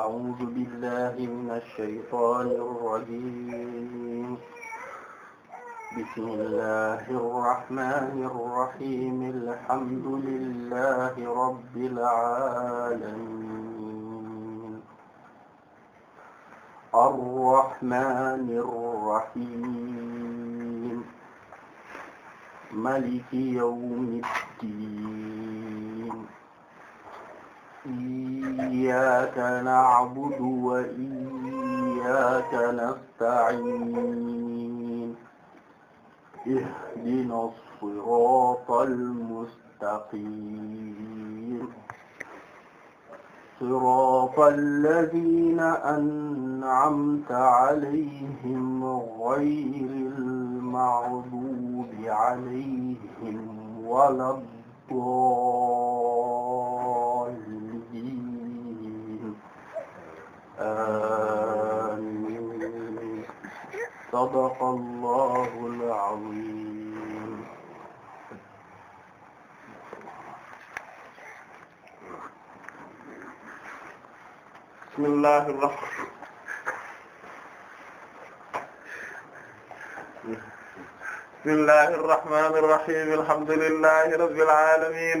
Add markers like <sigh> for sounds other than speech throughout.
أعوذ بالله من الشيطان الرجيم بسم الله الرحمن الرحيم الحمد لله رب العالمين الرحمن الرحيم ملك يوم الدين إياك نعبد وإياك نستعين اهدنا الصراط المستقيم صراط الذين أنعمت عليهم غير المغضوب عليهم ولا الضالين amiin sadaqallaahul aziim bismillaahir rahmaanir rahiim bismillaahir rahmaanir rahiim alhamdulillaahi rabbil aalamiin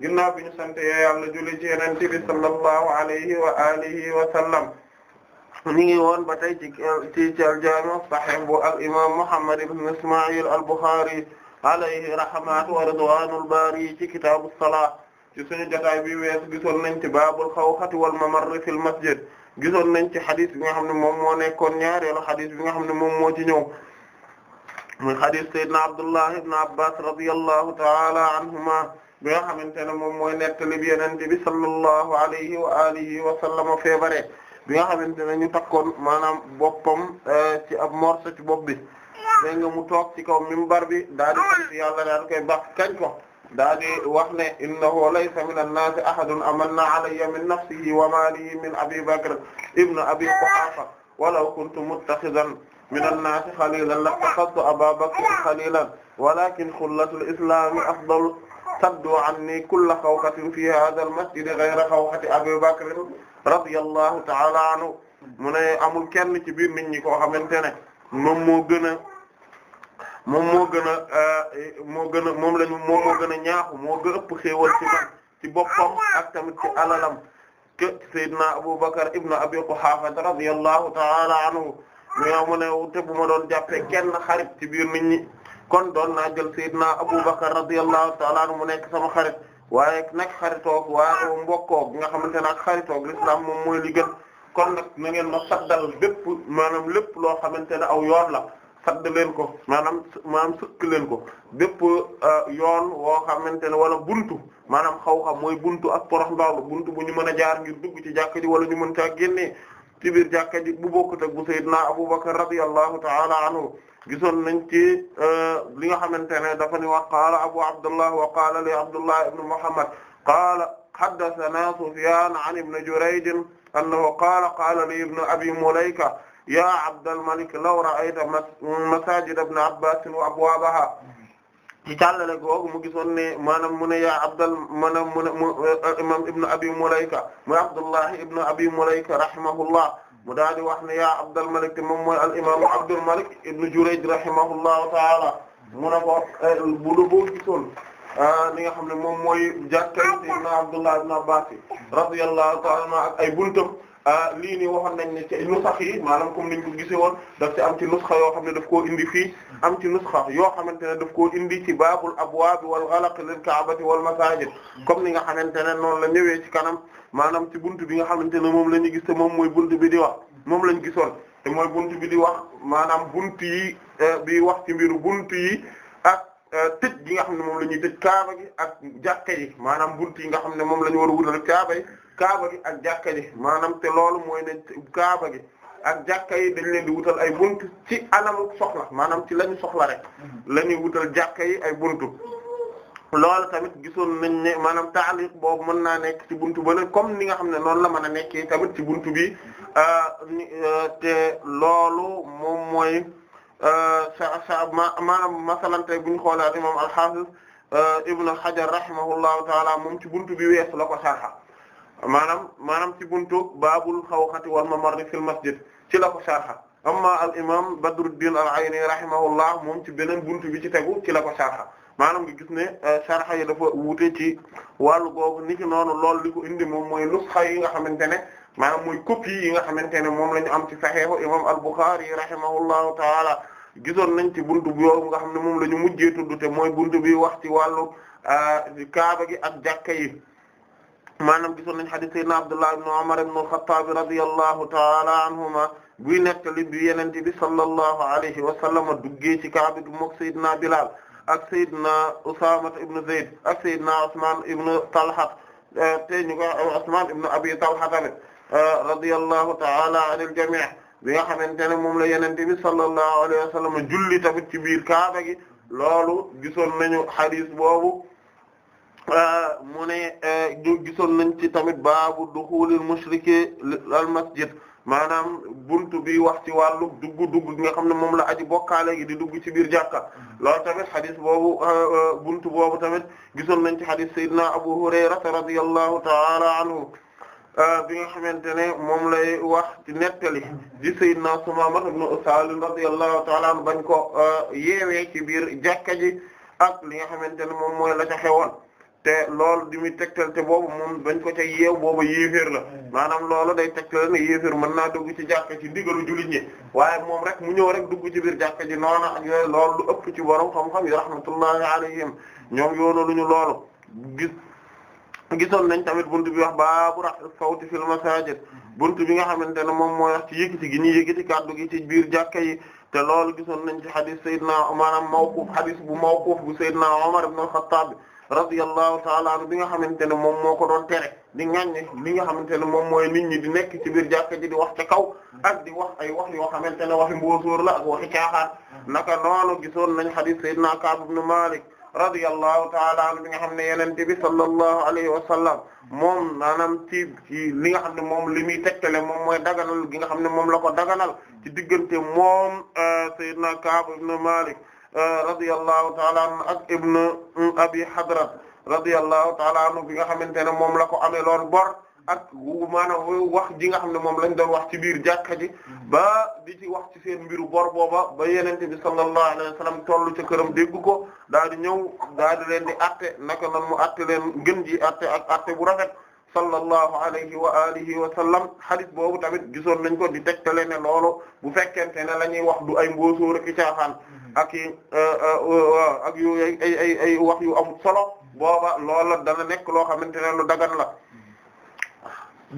ginnaaw bi ñu sante yàlla julli ci yonent bi sallallahu alayhi wa alihi wa sallam ñu ngi woon ba tey ci ci ci al-Jaami' as-Sahih bu al imam Muhammad ibn Isma'il al-Bukhari alayhi rahmatu wa ridwanul baari ci kitaabu salaa ci suñu jotaay bi wees gisoon nañ ci baabul xawxati wal mamarri fil masjid gisoon nañ ci xadis bi nga xam ne moom moo nekkoon ñaareelu xadis bi nga xam ne moom moo ci ñëw muy xadis sayyidina Abdullah ibn Abbas radiyallahu ta'ala anhuma bi nga xamante ne moom mooy nettali bi yenente bi sallallahu alayhi wa alihi wa sallama feebaree bi nga xamante ne ñu takkoon maanaam boppam eh, ci ab morceau ci bopp bi dégg nga mu toog ci kaw minbar bi daal di sant yàlla daal koy baax kañ ko daal di wax ne innahu laysa min annaasi ahadun amanna alayya min nafsihi wa maalihi min abi bakr ibn abi quhaafa walaw kuntu muttaxidan min annaasi xalilan lattaxadtu aba bakr xalilan walakin xullatul islami afdal saddu anni kulla xawxatin fi hadha al masjid ghayra xawxati Abi Bakr radiyallahu ta'ala anhu mu ne amul kenn ci biir nit ñi ko xamante ne moom moo gën a moom moo gën a eh, moo gën a moom lañu moom moo gën a moo gën a ëpp xéewal ci man ci boppam ak tamit ci alalam ke Seydina Aboubacar ibn Abi Quhaafa radiyallahu ta'ala anhu mu ne te bu ma doon jàppee kenn xarit ci biir nit ñi kon doon naa jël Seydina Aboubacar radiyallahu ta'ala anhu mu nekk sama xarit waaye nag xaritoog waaye mbokkoog nga xamante ne ak xaritoog l'islam moom mooy li gën kon nag na ngeen ma saddal bépp maanaam lépp loo xamante ne aw yoon la sadd leen ko maanaam maanaam sëkk leen ko bépp euh, yoon woo xamante ne wala buntu maanaam xaw-xam mooy buntu ak porox ndawlu buntu bu ñu mën a jaar ngir dugg ci jàkka ji wala ñu mën caa génnee ci biir jàkka ji bu bokkut ak bu Seydina Aboubacar radiyallahu ta'ala anhu gisoon nañ ci euh, li nga xamante ne dafa ni wa qaala abu abdullah wa qaala li abdullah ibn muhammad qaala haddathana sufyan an ibn jurayj annahu qaala qaala li ibn abi mulayka ya abdalmalik law ra'ayta masajid ibn abbas wa abwabaha ci càllale googu mu gisoon ne maanaam mu ne yaa abdal maanaam mu ne imam ibn abi mulayka mu abdullah ibn abi mulayka rahimahullah mu daal di wax ne yaa Abdul Malik te moom mooy al imaamu Abdul Malik ibn Jurayj rahimahullahu taala mu ne ko eh, bu dee boo gisoon ah, li nga xam ne moom mooy jàkkee Seydina Abdullah ibn Abbas radiyallahu taala ak ay buntam. Ah, lii nii waxoon nañ ne ci nusax yi maanaam comme niñ ko gisee woon daf ci am ci nusxa yoo xam ne daf koo indi fii am ci nusxa yoo xamante ne daf koo indi ci baabul abwaab wal ghalaq lil kaabati wal masaajid comme ni nga xamante ne noonu la ñëwee ci kanam maanaam ci buntu bi nga xamante ne moom la ñu gis te moom mooy buntu bi di wax moom lañ gisoon te mooy buntu bi di wax maanaam buntu yi eh, bi wax ci mbiru buntu yi ak eh, tëj gi nga xam ne moom la ñuy tëj kaaba gi ak jàkka yi maanaam buntu yi nga xam ne moom la ñu war a wutal kaaba gi ak jàkka ji maanaam te loolu mooy ne kaaba gi ak jàkka yi dañ leen di wutal ay bunt ci anamu soxla maanaam ci lañu ñu soxla rek mm-hmm. la ñuy wutal jàkka yi ay bunt loolu tamit gisoon nañ ne maanaam taaliq boobu mën naa nekk ci buntu ba comme ni nga xam ne noonu la mën a nekkee tamit ci buntu bi euh, euh, te loolu moom mooy euh, sa sa maanaam masalan tey bu ñu xoolaat imam al-Hafiz ibn Hajar rahimahullahu taala moom ci buntu bi weesu la sarxa maanaam maanaam ci buntu baabul xawxati wal mamarri fil masjid ci la ko sarxa amma al imam Badruddin al Ayni rahimahullah moom ci beneen buntu bi ci tegu ci la ko sarxa maanaam gi gis ne euh, sarxa yi dafa wuute ci wàllu googu niki noonu loolu li ko indi moom mooy nusxa yi nga xamante ne maanaam mooy copie yi nga xamante ne moom la ñu am ci saxiixu imam al Bukhari rahimahullahu taala gisoon nañ ci buntu boobu nga xam ne moom la ñu mujjee tudd mooy buntu bi wax ci wàllu euh, kaaba gi ak jàkka yi. maanaam gisoon nañ hadith sayyidina Abdullah ibn Umar ibn al-Khattab radiyallahu ta'ala anhuma buy nettali bi Yonent bi sallallahu alayhi wa sallam duggee ci Kaaba gi mook sayyidina Bilal ak sayyidina Usama ibn Zayd ak sayyidina Usman ibn Talha te ñu ko Usman ibn Abi Talha tamit radiyallahu ta'ala anil jami' bi nga xamante ne moom la Yonent bi sallallahu alayhi wa sallam julli tamit ci biir Kaaba gi loolu gisoon nañu hadith boobu Euh, mu ne euh, gisoon nañ ci tamit baabu duxulil mushriki al masjid maanaam bunt bi wax ci wàllu dugg dugg gi nga xam ne moom la aji bokkaale gi di dugg ci biir jàkka mm-hmm. loolu tamit xadis boobu euh, bunt boobu tamit gisoon nañ ci xadis sayyidina Abu Hurayrata radiyallahu ta'ala anhu bi nga xamante ne moom lay wax ci nettali di sayyidina Sumaama ibn Usal radiyallahu ta'ala anhu bañ ko yeewee ci biir jàkka ji ak li nga xamante ne moom mooy la ca xewoon te loolu di muy tegtal te boobu moom bañ ko ca yeew booba yéeféer la mm. maanaam loolu day tegtal ne yéeféer mën naa dugg ci jàkka ci ndigalu jullit ñi waaye moom rek mu ñëw rek dugg ci biir jàkka ji noona ak yooyu loolu lu ëpp ci borom xam-xam yi rahmatullahi alayhim ñoom yoona lu ñu loolu gis gisoon nañ tamit buntu bi wax baabu rax sawti fil masajid buntu bi nga xamante ne moom mooy wax ci yëkkati gi ñuy yëkkati kaddu gi ci biir jàkka yi te loolu gisoon nañ ci hadith sayyidina maanaam mawquf hadith bu mawquf bu sayyidina Umar ibn al-Khattab radiyallahu ta'ala anhu bi nga xamante ne moom moo ko doon tere di ŋàññe li nga xamante ne moom mooy nit ñi di nekk ci biir jàkka ji di wax ca kaw ak di wax ay wax yoo xamante ne waxi mbóosóor la ak waxi caaxaan naka noonu gisoon nañ hadith sayyidina Ka'b ibn Malik radiyallahu ta'ala anhu bi nga xam ne yenente bi sallallahu alayhi wa sallam moom maanaam ci ci li nga xam ne moom li muy tegtale moom mooy daganal gi nga xam ne moom la ko daganal ci diggante moom euh, sayyidina Ka'b ibn Malik radiyallahu ta'ala anhu ak ibn abi hadrat radiyallahu ta'ala anhu bi nga xamante ne moom la ko amee loon bor ak maanaam wax ji nga xam ne moom lañ doon wax ci biir jàkka ji ba di ji wax ci seen mbiru bor booba ba yenente bi sallallahu alayhi wa sallam tollu ca këram dégg ko daal di ñëw daal di leen di atte naka noonu mu atte leen gën ji atte ak atte bu rafet sallallahu alayhi wa alihi wa sallam hadith boobu tamit gisoon nañ ko di tegtale ne loolu bu fekkente ne la ñuy wax du ay mbóosóor ak i caaxaan ak i euh, euh, ak yu ay wax yu amul solo booba loola dana nekk loo xamante ne lu dagan la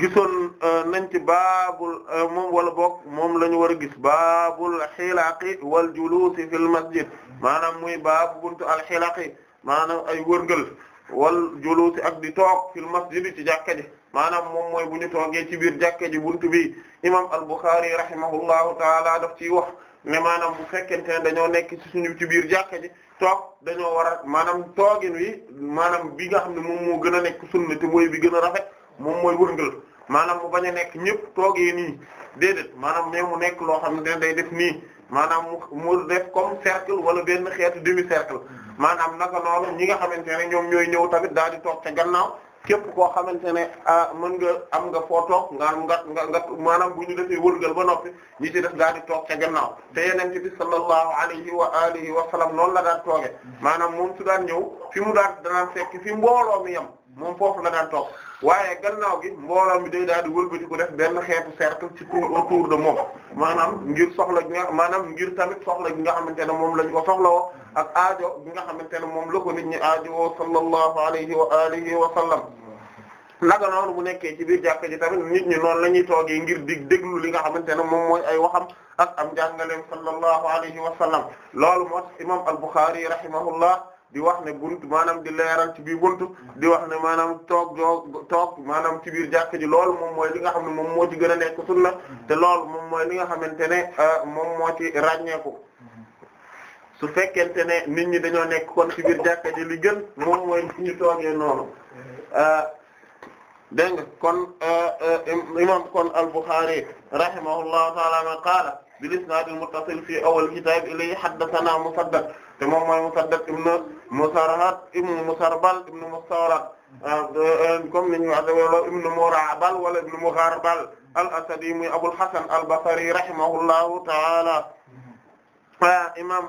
gisoon euh, nañ ci baabul moom wala boog moom lañu ñu war a gis baabul xilaqi wal julusi fil masjid maanaam muy baabu buntu al xilaqi maanaam ay wërngël wal juluusi ak di toog fil masjid ci jàkka ji maanaam moom mooy bu ñu toogee ci biir jàkka ji buntu bi imam al-Bukhari rahimahullahu taala daf ciy wax ne maanaam bu fekkente ne dañoo nekk ci suñu ci biir jàkka ji toog dañoo war a maanaam toogin wi maanaam bi nga xam ne moom moo gën a nekk sunna te mooy bi gën a rafet moom mooy wërngal maanaam mu bañ a nekk ñëpp toogee nii déedéet maanaam mais mu nekk loo xam ne day def nii maanaam mu def comme cercle wala benn xeetu demi cercle maanaam naka noonu ñi nga xamante ne ñoom ñooy ñëw tamit daal di toog ca gannaaw képp koo xamante ne ah mën ga am nga foo toog nga nga nga nga maanaam bu ñu defee wërgal ba noppi ñi ci def daal di toog ca gannaaw te yeneen ci bi sallallahu alayhi wa alihi wa sallam noonu la daan tooge maanaam moom su daan ñëw fi mu daan danaan fekk fi mbooloo mi yem moom foofu la daan toog waaye gannaaw gi mbooloo mi day daal di wëlbati ko def benn xeetu cercle ci autour de moom maanaam ngir soxla gi nga maanaam ngir tamit soxla gi nga xamante ne moom lañ ko soxlawoo ak aajo gi nga xamante ne moom la ko nit ñi aajowoo sallallahu alayhi wa alihi wa sallam naka noonu bu nekkee ci biir jàkka ji tamit nit ñi noonu la ñuy toogee ngir dig déglu li nga xamante ne moom mooy ay waxam ak am jàngaleem sallallahu alayhi wa sallam loolu moo tax imam al-Bukhari rahimahullah di wax ne buntu maanaam di leeral ci biir buntu di wax ne maanaam toog joo toog maanaam ci biir jàkk ji lool moom mooy li nga xam ne moom moo ci gën a nekk sunna te loolu moom mooy li nga xamante ne euh, moom moo ci ràññeeku su fekkente ne nit ñi dañoo nekk kon ci biir jàkk ji li gën moom mooy li ñu toogee noonu euh, dégg nga kon euh, imam kon al-Bukhari rahimahullahu ta'ala ma qaala bil isnaad al-muttasil fi awwal kitaab ilayhi haddathana Musaddad te moom mooy Musaddad ibn Musarhad ibnu Musarbal ibnu Mustawrad euh, comme ni ñu waxee wala ibnu Murabal wala ibnu Mugharbal al-Asadi muy Abul Hasan al-Basri rahimahullahu ta'ala ah, imam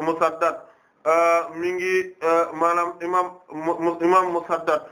Musaddad euh, mi ngi euh, maanaam imam imam Musaddad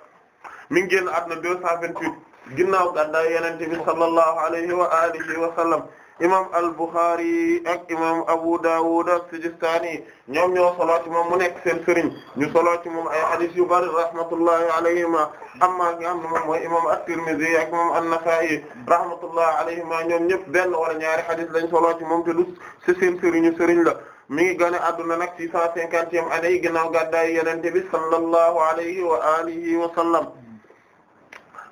mi ngi génn àdduna 228 ginnaaw gàddaay Yonent bi sallallahu alayhi wa alihi wa sallam imam al-Bukhari ak imam Abu Dawud as-Sijistani ñoom ñoo solo ci moom mu nekk seen sëriñ ñu solo ci moom ay hadith yu bari rahmatullahi alayhima amma nga am na moom mooy imam at-Tirmidhi ak imam an-Nasa'i rahmatullahi alayhima ñoom ñëpp benn wala ñaari hadith lañ solo ci moom te lu ci seen sëriñu sëriñ la mi ngi gane adduna nag ci 150e année ginnaaw gàddaay Yonent bi sallallahu alayhi wa alihi wa sallam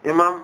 imam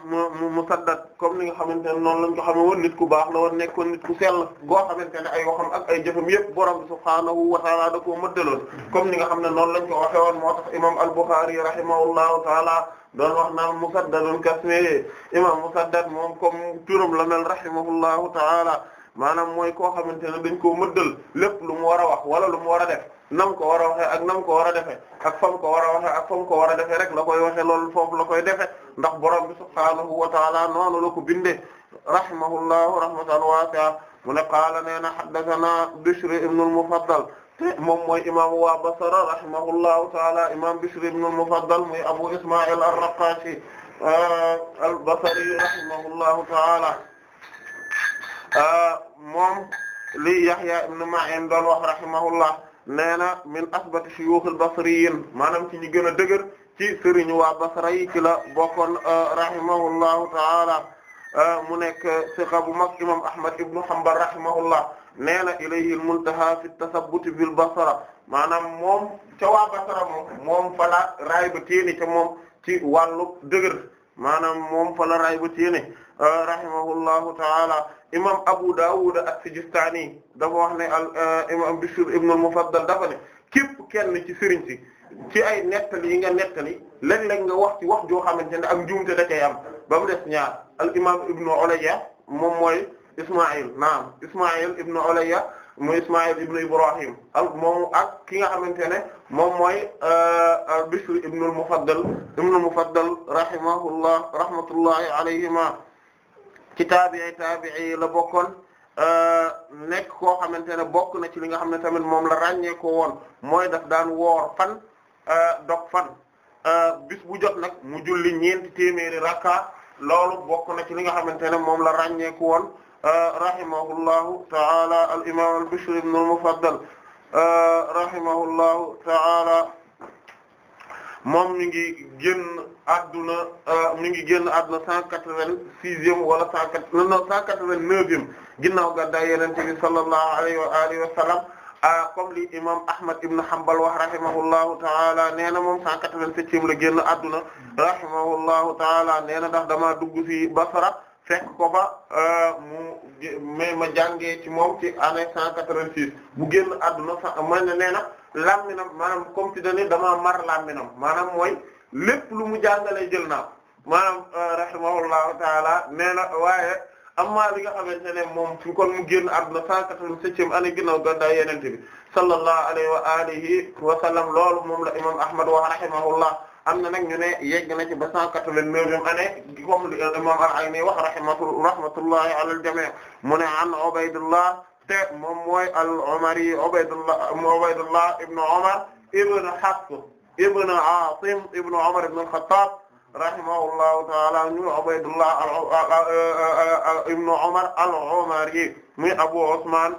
Musaddad comme ni nga xamante ne noonu lañ ko xamee woon nit ku baax la woon nekkoon nit ku sell goo xamante ne ay waxam ak ay jëfam yëpp borom subhaanahu wa ta'ala da koo mëddaloon comme ni nga xam ne noonu lañ ko waxee woon moo tax imam al-Bukhari rahimahullahu ta'ala doon wax naan Musaddadun kasmihi imam Musaddad moom comme turam la mel rahimahullahu ta'ala maanaam mooy koo xamante ne dañ koo mëddal lépp lu mu war a wax wala lu mu war a def nam ko war a waxee ak nam ko war a defee ak fam ko war a waxee ak fam ko war a defee rek la koy waxee loolu foofu la koy defee ndax borom bi subhaanahu wa taala noonu la ko bindee rahimahullahu rahmatan wasi'a mu ne qaala nee na haddathana Bishr ibn al-Mufaddal te moom mooy imaamu waa Basra rahimahullahu taala imaam Bishr ibn al-Mufaddal muy Abu Isma'il ar-Raqashi ah, al-Basri rahimahullahu taala ah, moom li Yahya ibn Ma'in doon wax rahimahullah nee na min asbati shuyuukhil basriyin maanaam ci ñu gën a dëgër ci sëriñu waa Basra yi ci la bokkoon euh, rahimahullahu taala euh, mu nekk siqa bu mag imam Ahmad ibnu Hanbal rahimahullah nee na ilayhi al-muntaha fi tasabbuti bil Basra maanaam moom ca waa Basra moom moom fala raay ba téeni ca moom ci wàllu dëgër maanaam moom fala raay ba téene rahimahullahu taala imam Abu Dawud as-Sijistani dafa wax ne al euh, imam Bishr ibn al-Mufaddal dafa ne képp kenn ci sëriñ si ci ay nettali yi nga nettali léeg-léeg nga wax ci wax joo xamante ne ak njuumte da cay am ba mu des ñaar al imam ibn Ulayya moom mooy Isma'il naam Isma'il ibn Ulayya mooy Isma'il ibn Ibrahim al moom ak ki nga xamante ne moom mooy euh, Bishr ibn al-Mufaddal ibn al-Mufaddal rahimahullah rahmatullahi alayhima ci taabi'i taabi'i yi la bokkoon euh, nekk koo xamante ne bokk na ci li nga xam ne tamit moom la ràññee woon mooy daf daan woor fan euh, dog fan euh, bis bu jot nag mu julli ñeenti téeméeri rakka loolu bokk na ci li nga xamante ne moom la ràññee ko woon rahimahullahu ta'ala al imam al Bishr ibn al Mufaddal rahimahullahu ta'ala moom mi ngi génn adduna euh, mi ngi génn adduna cent quatre-vingt-sixième wala cent quatre-vingt-neuvième ginnaaw gàddaay yonent bi sallallahu alayhi wa alihi wa sallam euh, comme li imam Ahmad ibn Hanbal wax rahimahullahu taala nee na moom cent quatre-vingt-septième la génn adduna rahimahullahu taala nee na damaa dugg ci Basra fekk ko ba euh, mu ma jàngee ci moom ci année cent quatre-vingt-six bu génn adduna ma ne làmminam maanaam comme ci dane dama mar làmminam maanaam mooy lépp lu mu jàngalee jël naa maanaam euh, rahimahullahu taala nee na waaye amma li nga xamante ne moom su kon mu génn àdduna cent quatre-vingt-septième année ginnaaw gàddaay yonent bi sallallahu alayhi wa alihi wa sallam loolu moom la imam ahmad wa rahimahullah am na nag ñu ne yegg na ci ba cent quatre-vingt-neuvième année comme imam al-Ayni wax rahmatu rahmatullahi ala al-jami' mu ne an Ubaydullah te moom mooy al-Umari Ubaydullah Ubaydullah ibn Umar ibn Hafs ibn Asim ibn Umar ibn al-Khattab rahimahullahu ta'ala ñu Ubaydullah ibn Umar al-Umari muy Abu Usman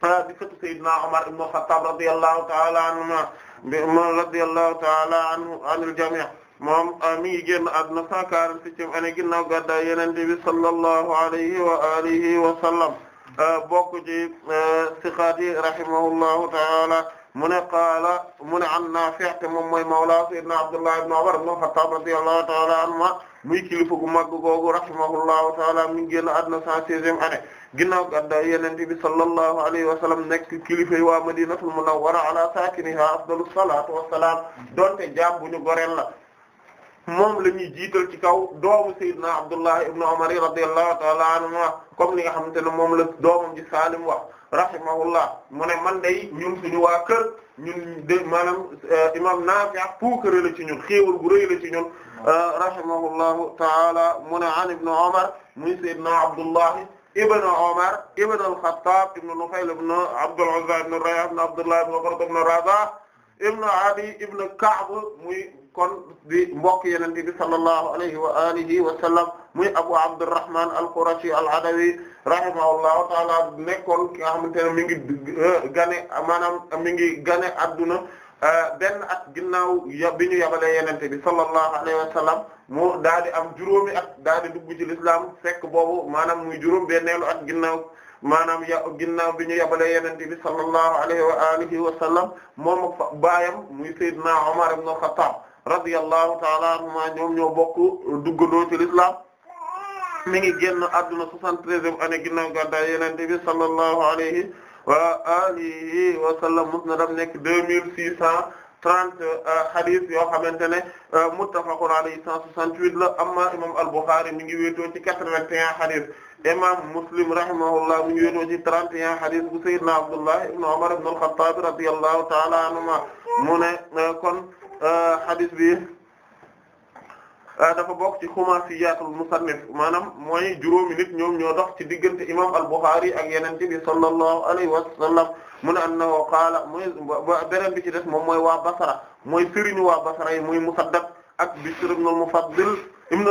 di sëtu Seydina Umar ibn al-Khattab radiyallahu ta'ala anhuma radiyallahu ta'ala anhu anil jami' moom ah, mi ngi génn àdduna 147 ane ginnaaw gàddaay Yonent bi sallallahu alayhi wa alihi wa sallam bokk ci e, siqaat yi rahimahullahu ta'ala mu ne qaala mu ne an Naafi' te moom mooy mawla sayyidina Abdullah ibn Umar ibn Khattab radiyallahu ta'ala anhuma muy kilifa gu mag googu rahimahullahu ta'ala mi ngi génn àdduna 116e année ginnaaw gàddaay Yonent bi sallallahu alayhi wa sallam nekk kilifa yi waa Madinatul Munawwara ala saakiniha afdalus salaatu wassalaam donte jaam bu ñu goreel la moom la ñuy jiital ci kaw doomu Seydina Abdullah ibn Umar radiyallahu ta'ala anhuma comme li xamante ne moom la doom ji Saalim wax rahimahullah mu ne man day ñun suñu waa kër ñun de euh, imam Naafi' puukare la ci ñun xéewal gu rëy la ci ñun euh, rahimahullahu ta'ala mu ne an ibn Umar muy Seydina Abdullah ibn Umar ibn al-Khattab ibn Nufayl ibn Abdul Uzza ibn Rayah ibn Abdullah ibn Qurt ibn Raza ibn Adi ibn Ka'b muy kon bi mbokk yenente bi sallallahu alayhi wa alihi wa sallam muy Abu Abdurrahman al-Qurashi al-Adawi rahimahullahu taala nekkoon ki nga ne mi ngi gane maanaam mi ngi gane adduna euh, benn at ginnaaw ya bi ñu yabalee yenente bi sallallahu alayhi wa sallam mu daal di am juróomi at daal di dugg ci l'islam fekk boobu maanaam muy juróom benneelu at ginnaaw maanaam ya ginnaaw bi ñu yabalee yenente bi sallallahu alayhi wa alihi wa sallam moom baayam muy Seydina Umar ibn al radiyallahu taala anhuma ñoom ñoo bokk duggandoo ci l'islam mi ngi génn adduna soixante-treizième année ginnaaw gàddaay yenente bi sallallahu alayhi wa alihi wa sallam musnadam nekk deux mille six cent trente euh, hadith yoo xamante ne euh, muttafaqun alayhi cent soixante-huit la amma imam al-Bukhari mi ngi wéetoo ci quatre-vingt-un hadith imam Muslim rahimahullah mi ngi wéetoo ci trente et bu sayyidna Abdullah ibn Umar ibn al-Khattab radiyallahu taala anhuma mu euh, xadis euh, bi euh, dafa bokk ci xumaasiyaatul musannif maanaam mooy juróomi nit ñoom ñoo dox ci diggante imam al-Bukhari ak yeneen ci bi sallallahu alayhi wa sallam mu ne annahu qaala muy beneen bi ci des moom mooy waa Basra mooy sëriñu waa Basra yi muy Musaddad ak Bishr ibn al-Mufaddal ibn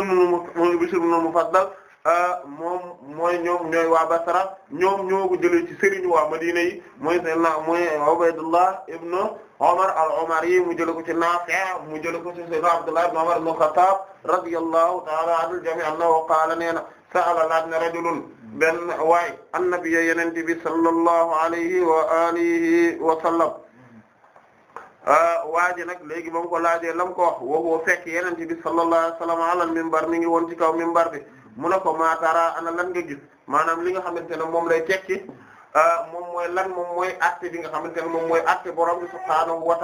al-Mufaddal Ah, moom mooy ñoom ñooy waa Basra ñoom ñoo ko jëlee ci sëriñ waa Madina yi mooy seen na mooy Ubaydullah ibn Umar al-Umari mu jëlee ko ci Naafi' mu jëlee ko ci Sayyidina Abdullah ibn Umar ibn Khattab radiyallahu ta'ala anil jami' annahu qaala neena sa'ala laaj na rajulun benn waay annabiyya yonent bi sallallahu alayhi wa alihi wa sallam ah, waa ji nag léegi ba mu ko laajee lam ko wax woo woo fekk yonent bi sallallahu alayhi wa sallam ala minbar mi ngi woon ci kaw minbar bi mu ne ko maatara ana lan nga gis maanaam li nga xamante ne moom lay tekki euh, moom mooy lan moom mooy acte bi nga xamante ne moom mooy acte borom bi subhaanahu wa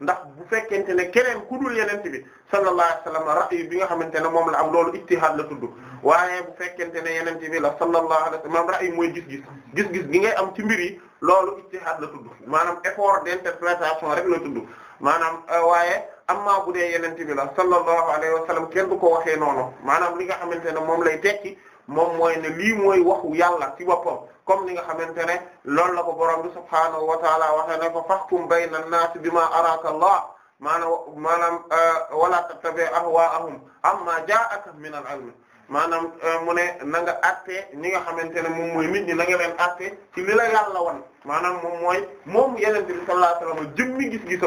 ndax bu fekkente ne keneen ku dul yenente bi sallallahu alayhi wa bi nga xamante ne moom la am loolu ijtihaad la tudd waaye bu fekkente ne yenente bi la sallallahu alayhi wa sallam ra'y mooy gis-gis gis-gis gi ngay am ci mbir yi loolu ijtihaad la tudd maanaam effort d'interprétation rek la tudd maanaam euh, waaye amma bu dee yenente bi la sallallahu alayhi wa sallam ko waxee noonu maanaam li nga xamante ne moom lay tekki moom mooy ne lii mooy waxu yalla ci boppam comme ni nga xamante ne loolu la ko borom bi subhaanahu wa taala waxee ne ko fahkum bayna an bi ma araaka allah maanaam maanaam euh, wala tattabi ahwaahum amma jaa'aka min al-ilm maanaam euh, mu ne na nga àttee ñi nga xamante ne moom mooy nit ñi na nga leen àttee ci li la yàlla wan maanaam moom mooy moom yenente bi sallallahu alayhi a sallam jëmmi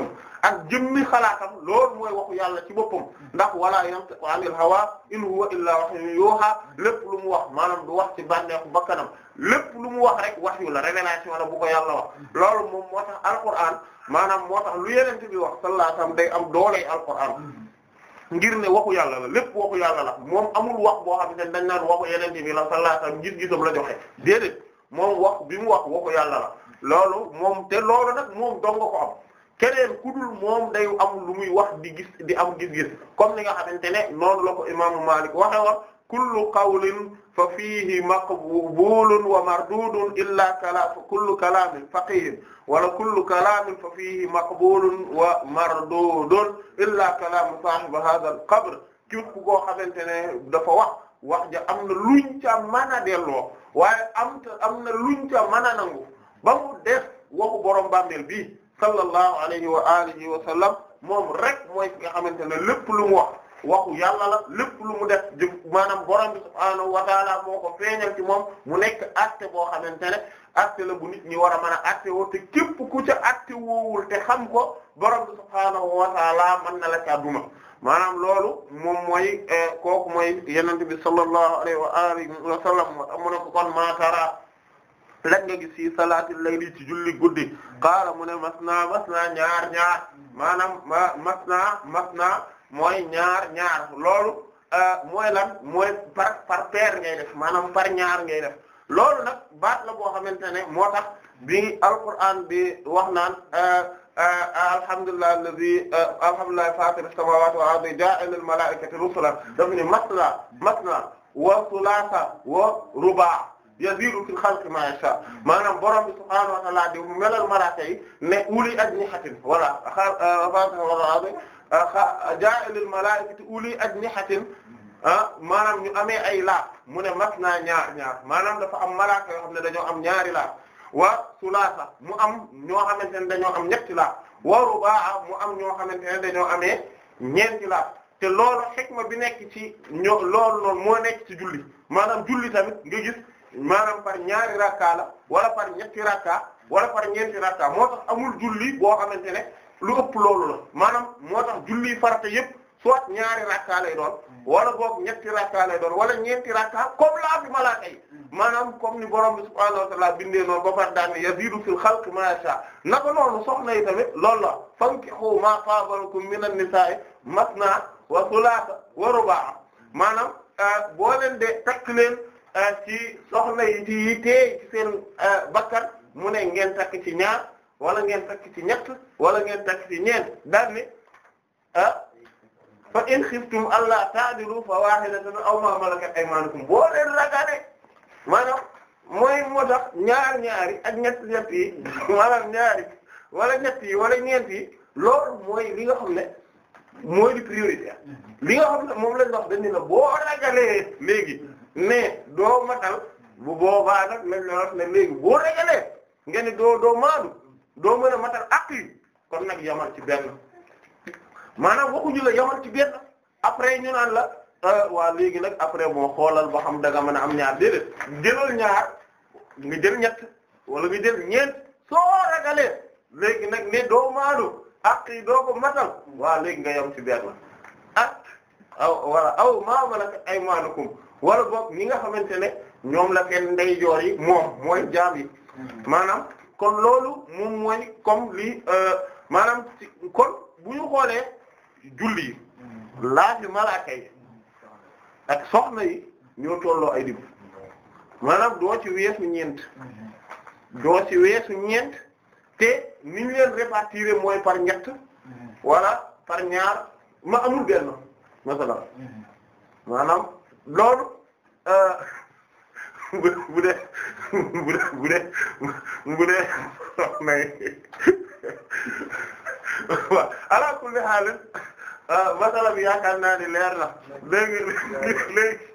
ak jëmmi xalaatam lool mooy wakku yàlla ci boppam ndax wala yantiqu anil hawa in huwa illaa wahyun yuuha lépp lu mu wax maanaam du wax ci bànneexu bakkanam lépp lu mu wax rek wax yu la révélation la bu ko yàlla wax loolu moom moo tax alquran maanaam moo tax lu yenente bi wax sallallahu day am dooley alquran ne waxu yàlla la lépp waxu yàlla la moom amul wax boo xam ne dañ naan waxu yenente bi la sallallahu alayhi wasallam gis-gisam la joxe déedéet moom wax bi mu wax waxu yàlla la loolu moom te loolu nag moom dong ko am keneen ku dul moom day am lu muy wax di gis di am gis-gis comme ni nga xamante ne noonu la ko imaamu Maalik waxe woon kullu qawlin fa fiihi maqbulun wa mardudun illa kala kullu kalaamin faqih wala kullu kalaamin fa fiihi maqbulun wa mardudun illa kalaamu saahibi hadha al-qabr képp koo xamante ne dafa wax wax ja am na luñ ca mën a delloo waaye am am na luñ ca mën a nangu ba mu def waxu borom bàmmeel bi sallallahu alayhi wa alihi wa sallam moom rek mooy ki nga xamante ne lépp lu mu wax waxu yàlla la lépp lu mu def jëf maanaam borom bi subhaanahu wa taala moo ko feeñal ci moom mu nekk acte boo xamante ne acte la bu nit ñi war a mën te képp ku ca acte te xam ko borom bi subhaanahu wa taala mën na la ca duma maanaam loolu moom mooy eh, kooku mooy yenente bi sallallahu alayhi wa alihi wa sallam mu ne ko kon maatara lan nga gis ci salaatul layli ci julli guddi qaala mu ne masna masna ñaar ñaar maanaam masna masna mooy ñaar ñaar loolu euh, mooy lan mooy par par paire ngay def maanaam par ñaar ngay def loolu nag baat la boo xamante ne moo tax bi alquran bi wax naan alhamdulillahi euh, alladhi alhamdulillahi euh, fatir as-samawati wal ardi ja'ala al-mala'ikati rusulan dafa ne masna masna wa thulatha wa ruba' yaziidu fil xalqi maa yashaa maanaam borom bi subhaanahu wa ta'aala di melal malaaka yi ne uli ajnihatin voilà euh, euh, jaa'ilil malaa'ikati uli ajnihatin ah maanaam ñu amee ay laaf mu ne mat naa ñaar ñaar maanaam dafa am malaaka yoo xam ne dañoo am ñaari laaf wa sulaasa mu am ñoo xamante ne dañoo am ñetti laaf wa rubaa mu am ñoo xamante ne dañoo amee ñeenti la te loolu xikma bi nekk ci ñoo loolu noonu mo nekk ci julli maanaam julli tamit nga maanaam par ñaari rakka la wala par ñetti rakka wala par ñeenti rakka moo tax amul julli boo xamante ne lu ëpp loolu la maanaam moo tax julli farata yépp soit ñaari rakka lay doon wala boog ñetti rakka lay doon wala ñeenti rakka comme laa bi maanaam comme ni borom bi subhaanahu wa ta'aala bindee noonu ba far daan ne yaziidu fil xalqi maa yashaa naka noonu soxna yi tamit loolu la fankihu maa taaba lakum minan nisaa'i masnaa wa sulaasa wa rubaa maanaam euh, boo leen de takk Euh, ci soxna yi ci yittee ci seen euh, bakkan mu ne ngeen takk ci ñaar wala ngeen takk ci ñett wala ngeen takk ci ñeent daal ni ah fa in xiftum alla ta'dilu fa wahidatan aw ma malakat aymanukum boo leen ragaale maanaam mooy moo ñaar ñaari ak ñett ñett yi maanaam ñaari wala ñett yi wala ñeent yi loolu mooy li nga xam ne mooy di priorité li nga xam ne moom la wax dañ ne la boo ragalee léegi mais doo matal bu boobaa la wax ne léegi boo regalee nga doo doo maadu doo mën a matal ak kon nag yamal ci benn maanaam waxuñu la yamal ci benn après ñu naan la euh, waa léegi nag après boo xoolal boo xam danga mën a am ñaar déedéet jëlal ñaar nga jël ñett wala nga jël ñeent soo regalee léegi nag ne doo maadu ak doo ko matal waa léegi nga yam ci benn ak aw wala aw maa malaka aymanukum wala boog ñi nga xamante ne ñoom la seen ndeyjoor yi moom mooy jaam yi hmm. maanaam kon loolu moom mooy comme li euh, maanaam kon bu ñu xoolee julli yi hmm. laafi malaaka yi ak soxna yi ñoo tolloo ay lim maanaam doo ci weesu ñeent hmm. doo ci weesu ñeent te ni ñu leen répartir mooy par ñett wala par ñaar ma amul benn masala maanaam loolu bu bu dee bu dee bu dee bu dee soxna yi waaw ala kulli haal masala bi yaakaar naa ni leer na léegi léegi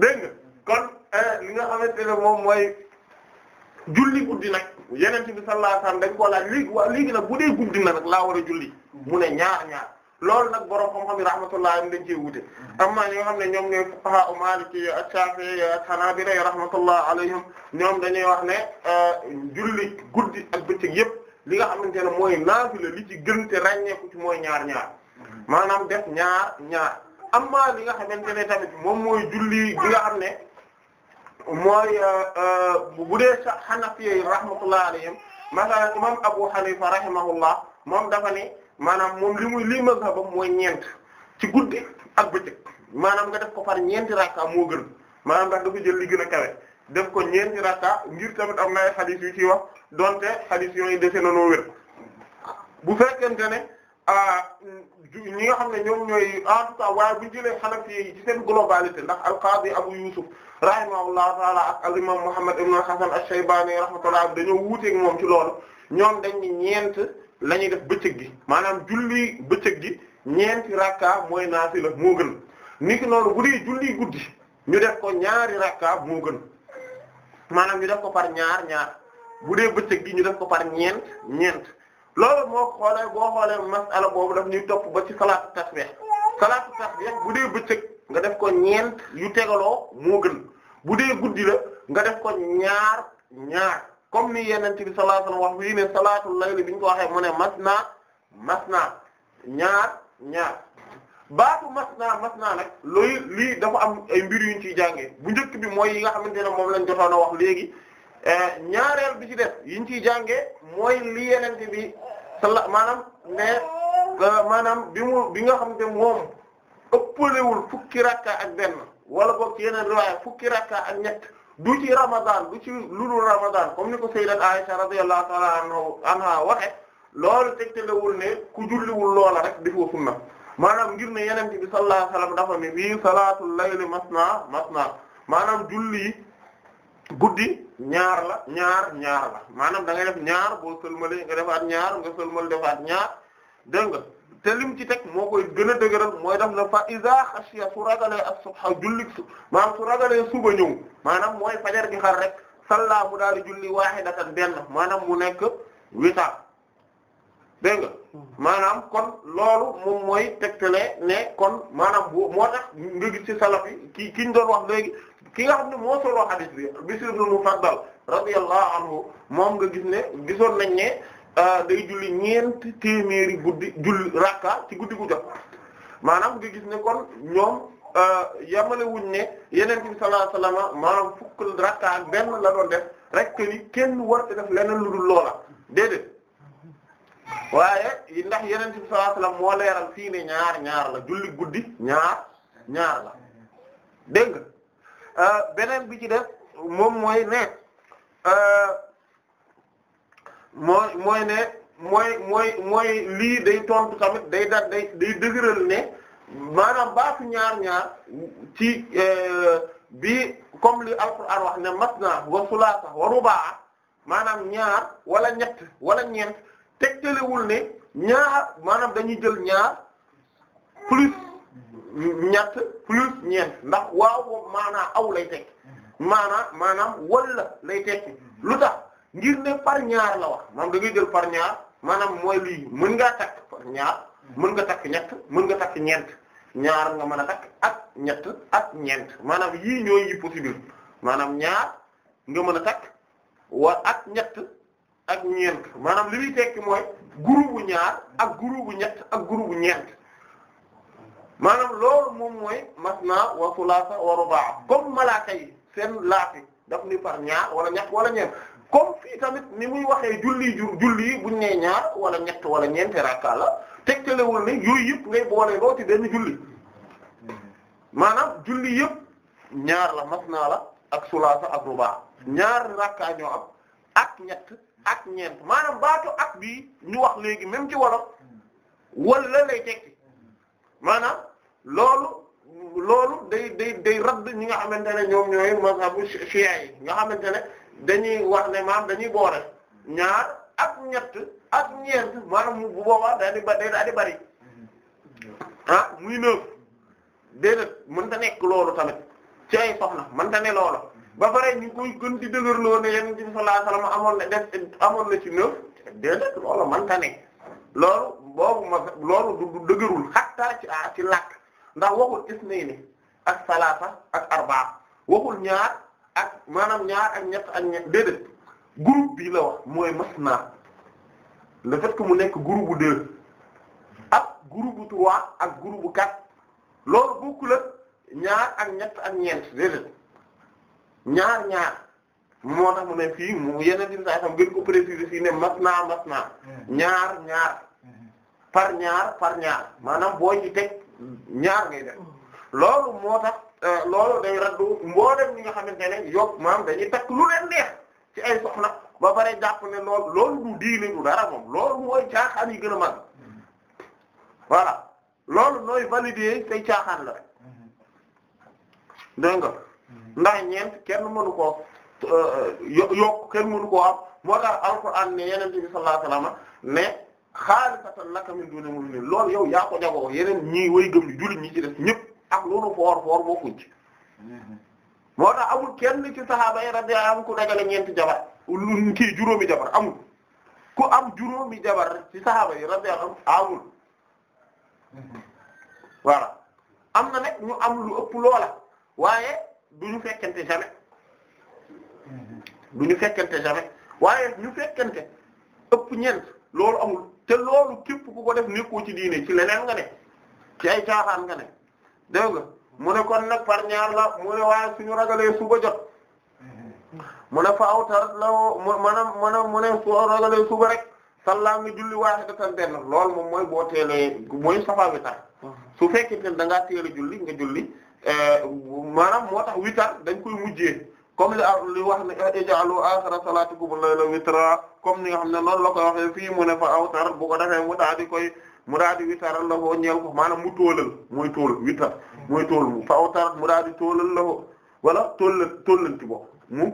dégg kon eh, nga xamante ne moom mooy julli guddi nag yeneen bi sallallahu alayhi wasallam dañ ko laaj léegi waa bu dee guddi na nag laa war a julli mu ne ñaar ñaar loolu nag borom xam-xam yi rahmatullah am dañ cee wuute mm-hmm. amma ñi nga xam ne ñoom ñooy fuqaha u maliki ak shafi'i ak hanabila rahmatullah alayhim ñoom dañuy wax ne euh, julli guddi ak bëccëg li nga xamante ne mooy naafila li ci gën te ràññeeku ci mooy ñaar ñaar mm-hmm. maanaam def ñaar ñaar amma li nga xamante ne tamit moom mooy julli bi nga ne mooy euh, euh, bu dee sa Hanafi rahmatullah alayhim masalan imam Abu Hanifa rahimahullah moom dafa ni maanaam moom li muy lii mazhabam mooy ñeent ci guddi ak bëccëg maanaam nga def ko par ñeenti rakka moo gën maanaam ndax dafa jël li kawe def ko ñeenti rakka ngir tamit am na ay xadis ci wax donte xadis yooyu dese na noo wér bu fekkente ne ah, ñi nga xam ne ñoom ñooy en tout cas waaye bu jëlee xanafi yi ci seen globalité ndax al-Qadi Abu Yusuf rahimahullahu taala ak al-imam Muhammad ibn Hasan al-Shaybani rahmatullah dañoo wuuteeg moom ci loolu ñoom dañ ñeent. lañuy def bëccëg gi maanaam julli bëccëg gi ñeenti rakka mooy naafila moo gën niki noonu bu dee julli guddi ñu def ko ñaari rakka moo gën maanaam ñu def ko par ñaar ñaar bu dee bëccëg gi ñu def ko par ñeent ñeent loolu moo xoolee boo xoolee masala boobu daf ñuy topp ba ci salaatu tasbih salaatu tasbih bu dee bëccëg nga def ko ñeent yu tegaloo moo gën bu dee guddi la nga def ko ñaar ñaar comme ni yeneen bi sallallahu alayhi wasallam wax fii ne salaatul layl bi ñu ko waxee mu ne masna masna ñaar ñaar baatu masna masna nag looy lii dafa am ay mbir yuñ ciy jàngee bu njëkk bi mooy yi nga xamante ne moom lañ jotoon a wax léegi eh, ñaareel bi ci def yiñ ciy jàngee mooy li yeneen bi sala maanaam eh, maanaam bi mu bi nga xamante moom ëppalewul fukki rakka ak benn wala boog ci yeneen riwaaya fukki rakka ak ñett. du ci ramadan du ci ludul ramadan comme ni ko sayyidat Aisha radiyallahu ta'ala anha waxe loolu tegtalewul ne ku julliwul loola rek defoo sunna maanaam ngir ne yenente bi sallallahu alayhi wasallam dafa ne fii salaatul layli masna masna maanaam julli guddi ñaar la ñaar ñaar la maanaam da ngay def ñaar bo sëlmalee nga defaat ñaar nga sëlmal defaat ñaar dégg nga te lim ci teg moo koy gën a dëgëral mooy daf na fa iza xashiya su ragalee as-subha julli su maanaam su ragalee suba ñëw maanaam mooy fajar gi xar rek salla mu daal di julli waahidatan benn maanaam mu nekk witar dégg hmm. maanaam kon loolu moom mooy tegtale ne kon maanaam bu moo tax nga ci salaf yi ki ki ñu doon wax léegi ki nga xam ne moo solo hadith bi Bisr ibn Mufaddal radiyallahu anhu moom nga gis ne gisoon nañ ne. Ah, day julli ñeent téeméeri guddi julli rakka ci guddi gu jot maanaam nga gis ne kon ñoom ah, yamale wuñ ne yeneen bi sallallahu alayhi fukk rakka ak la doon def rek ni kenn war def leneen lu dul loola déedéet waaye ndax yeneen bi sallallahu moo leeral fii ñaar ñaar la julli guddi ñaar ñaar la ah, beneen bi ci def moom mooy ne. mooy mooy ne mooy mooy mooy lii day tontu tamit day da day day ne maanaam baatu ñaar ñaar ci euh, bi comme li alquran wax ne masna wa sulaasa wa rubaa maanaam ñaar walla ñett wala ñeent tegtalewul ne ñaar maanaam dañuy jël ñaar plus ñett plus ñeent ndax waaw maana maanaam aw lay tekki maanaam maanaam wala lay tekki lu tax ngir ne par ñaar la wax moom da ngay jël par ñaar maanaam mooy lii mën ngaa takk par ñaar mën nga takk ñett mën nga takk ñeent ñaar nga mën a takk ak ñett ak ñeent maanaam yii ñooy yi possible maanaam ñaar nga mën a takk wa ak ñett ak ñeent maanaam li muy tekki mooy gurubu ñaar ak gurubu ñett ak gurubu ñeent maanaam loolu moom mooy masna wa sulaasa wa rubaa comme malaaka yi seen daf ni par ñaar wala ñett wala ñeent comme fii tamit ni muy waxee julli jur julli buñ nee ñaar wala ñett wala ñeenti rakka la tegtalewul ne yooyu yëpp ngay boole loo ci benn julli maanaam julli yëpp ñaar la masna la ak sulaasa ak rubaa ñaar rakka ñoo am ak ñett ak ñeent maanaam baatu ak bii ñu wax léegi même ci wolof wala la lay tekki maanaam loolu loolu day day day radd ñi nga xamante ne ñoom ñooy mazhabu shi'a yi nga xamante ne dañuy wax ne maam dañuy boole ñaar ak ñett ak ñeent maanaam mu bu boobaa daa di ba daa di bari ah muy neuf déedéet mënta nekk loolu tamit ci ay soxna mënta ne loolu ba pare ñu koy gën di dëgërloo ne yonent bi sallallahu amoon na def amoon na ci neuf déedéet loolu mënta ne loolu boobu ma loolu du dëgërul xattaa ci a ah, ci làkk ndax waxul isnayni ak salaasa ak arbaa waxul ñaar. ak maanaam ñaar ak ñett ak ñett déedéet groupe bi la wax mooy masna le fait que mu nekk groupe bu deux ak groupe bu trois ak groupe bu quatre loolu bokku la ñaar ak ñett ak ñeent déedéet ñaar ñaar moo tax mu ne fii mu yeneen di saa xam gën ko préciser fii ne masna naa hmm. ñaar ñaar hmm. par ñaar par ñaar maanaam boo ci teg ñaar ngay def hmm. loolu moo tax Euh, loolu day raddu mboolem ñi nga xamante ne yokk maam dañuy takk lu leen neex ci ay soxna ba pare jàpp ne loolu loolu du diine du dara moom loolu mooy caaxaan yi gën a mag voilà loolu nooy valider say caaxaan la dégg nga ndax ñeent kenn mënu koo euh, yokk kenn mënu ko am moo tax alquran ne yeneen bi sallallahu alayhi wasallam ne xaalisatan laka min duni mu'minin loolu yow yaa ko jagoo yeneen ñii way gëm ni jullit ñi ci def ñëpp ak lu nu foor foor bokkuñ ci moo tax amul kenn ci sahaaba yi radiyallahu anhum ku dajale ñeenti jabar lu kii juróomi jabar amul ku am juróomi jabar ci sahaaba yi radiyallahu anhum amul mhm. voilà am na nag ñu am lu ëpp loola waaye du ñu fekkente jamais mhm. du ñu fekkente jamais waaye ñu fekkente ëpp ñeent loolu amul te loolu képp ku ko def nekkoo ci diine ci leneen nga ne ci ay caaxaan nga ne dégg nga mu ne kon nag par ñaar la mu ne waaye suñu ragalee suba jot mu ne aw tarat la maanaam maanaam mu ne soo ragalee suba rek sallaa nga julli waahidatan benn lool moom mooy boo teelee mooy safa witar su fekkente ne da ngaa teel a julli nga julli eh, maanaam moo tax witar dañ koy mujjee comme li li wax ne eh, ij'alu aaxira salaatikum layla witra comme ni nga xam ne noonu la koy waxee fii ne fa aw tarat bu ko mu daal koy. mu daal di witaral la ko ñeel ko maanaam mu toolal mooy tool witar mooy tool mu fa awtarat mu daal euh, di toolal la ko wala toolal toolanti bo mu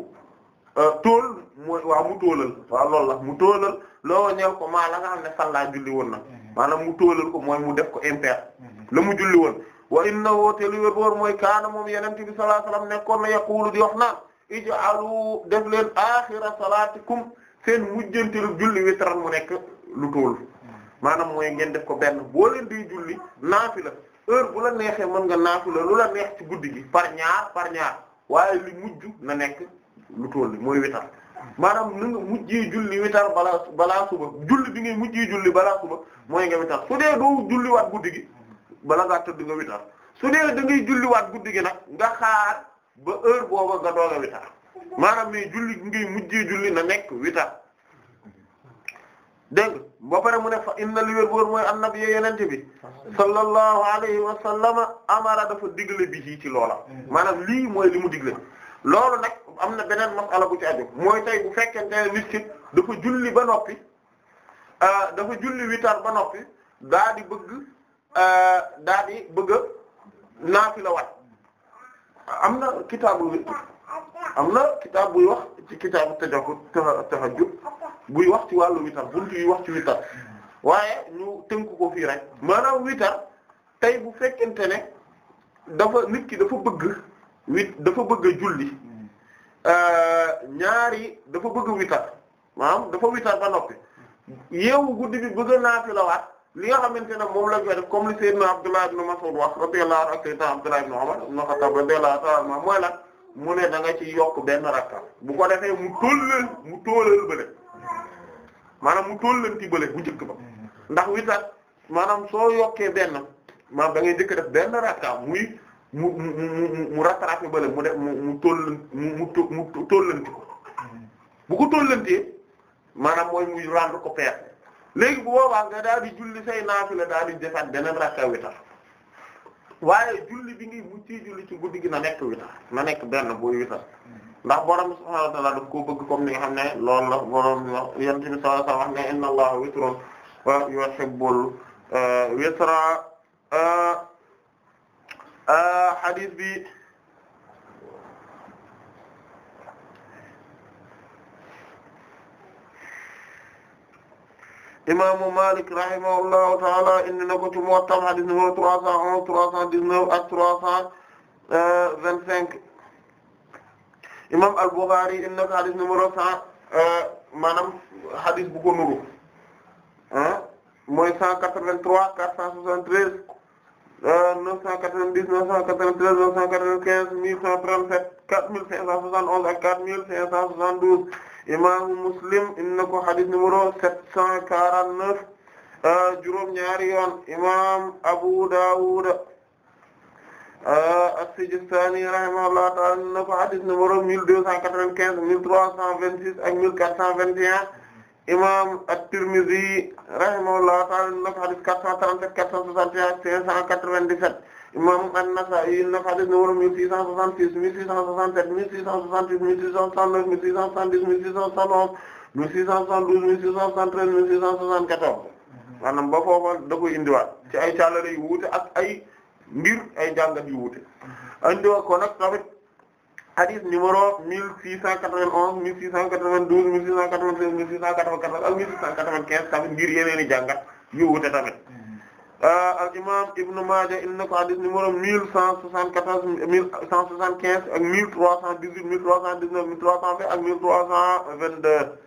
tool mooy waaw mu toolal wa loolu la mu toolal loo ñeel ko maa la am xam ne sallaa julli woon na mhm. maanaam mu toolal ko mooy mu def ko impair mhm. la mu julli woon wa inna woote li wér boor mooy kaana moom yenente bi sallallahu alayhi wasallam nekkoon na yaqulu di wax naan ij'alu def leen axira salaatikum seen mujjantilu julli witran mu nekk lu tool maanaam mooy ngeen def ko benn boo leen di julli la heure bu la neexee mën nga la lu la neex ci guddi gi par ñaar par ñaar waaye li mujj na nekk lu toll li mooy witar maanaam nu nga mujjee julli witar balaa balaa suba julli bi ngay mujjee julli balaa suba mooy nga witar su dee doo julliwaat guddi gi bala ngaa tëdd nga witar su dee da ngay julliwaat guddi gi nag nga xaar ba heure booba nga doog witar maanaam mais julli ngay mujjee julli na nekk witar dégg boo pare mu ne fa inna li wér mooy annabi yenente bi sallallahu alayhi wa sallama amara dafa digle bi ci loola mm-hmm. maanaam lii mooy li mu digle loolu nag am na beneen masala bu ci aju mooy tey bu fekkente ne nit ki dafa julli ba noppi euh, dafa julli witar ba noppi daa di bëgg euh, daa di bëgg a naafi wat am na kitaabul witar am na kitaab buy wax ci kitaabu tajahud tahajjud buy wax ci wàllu witar yi wax ci witar waaye ñu tënk ko fii rek maanaam witar tey bu fekkente ne dafa nit ki dafa bëgg wit dafa bëgg a julli euh, ñaari dafa bëgg witar maanaam dafa witar ba noppi yeewu guddi bi bëgg naa fi lawaat li nga xamante ne moom la koy def comme li Seydina Abdullah ibn Mas'ud wax radiyallahu anhu ak Seydina Abdullah ibn Umar ibn Khattab radiyallahu anhu mooy lan mu ne da ci yokk benn rakka bu ko defee mu tollal mu tollal bële maanaam mu tollanti bële bu njëkk ba ndax witar maanaam soo yokkee benn ma da ngay njëkk def benn rakka muy mu mu mu mu rattrapé bële mu def mu mu toll mu mu tollanti ko bu ko tollantee maanaam mooy muy rendre ko pair léegi bu boobaa nga daal di julli say naafila daal di defaat beneen rakka witar waaye julli bi ngi mu ci julli ci guddi gi na nekk witar na nekk benn booy witar ndax borom subhaanahu wa ta'aala daf koo bëgg comme ni nga xam ne loolu la borom yonent bi sallallahu alayhi wa sallam wax ne inna allaha witrun wa yuhibbul uh, witra uh, uh, hadith bi imaamu Malik rahimahullahu taala indi na ko ci trois cent onze trois cent dix-neuf trois cent euh, vingt-cinq imam al-Bukhari indi na hadith numéro cent euh, maanaam hadith bu nuru ah cent quatre-vingt-trois quatre cent soixante-treize euh, neuf cent quatre-vingt-dix cent quatre-vingt-treize neuf cent quatre-vingt-quinze mille cent trente-sept quatre mille cent soixante quatre mille cent soixante-douze imaamu muslim indi na ko xadis numéro 749 euh, juróom-ñaari yoon imaam Abu Dawud euh, as-Sijistani rahimahullahu ta'ala indi na ko xadis numéro 1295 1326 ak 1421 imaam at-Tirmidhi rahimahullahu ta'ala indi na ko xadis 437 461 597. imam An-Nasa'i na ko hadith numéro 1666 1667 1668 1669 1670 1671 1672 1673 1674 maanaam ba foofa da koy indiwaat ci ay caalale yu wuute ak ay mbir ay jàngat yu wuute indiwaat ko nag tamit hadith numéro 1691 1692 1693 1694 ak 1695 tamit ngir yeneen i jàngat yu wuute tamit. Euh, al imam Ibn Maaja indi na ko hadith numéro mille cent soixante quatorze mille cent soixante quinze ak mille trois cent dix huit mille trois cent dix neuf mille trois cent vingt ak mille trois cent vingt deux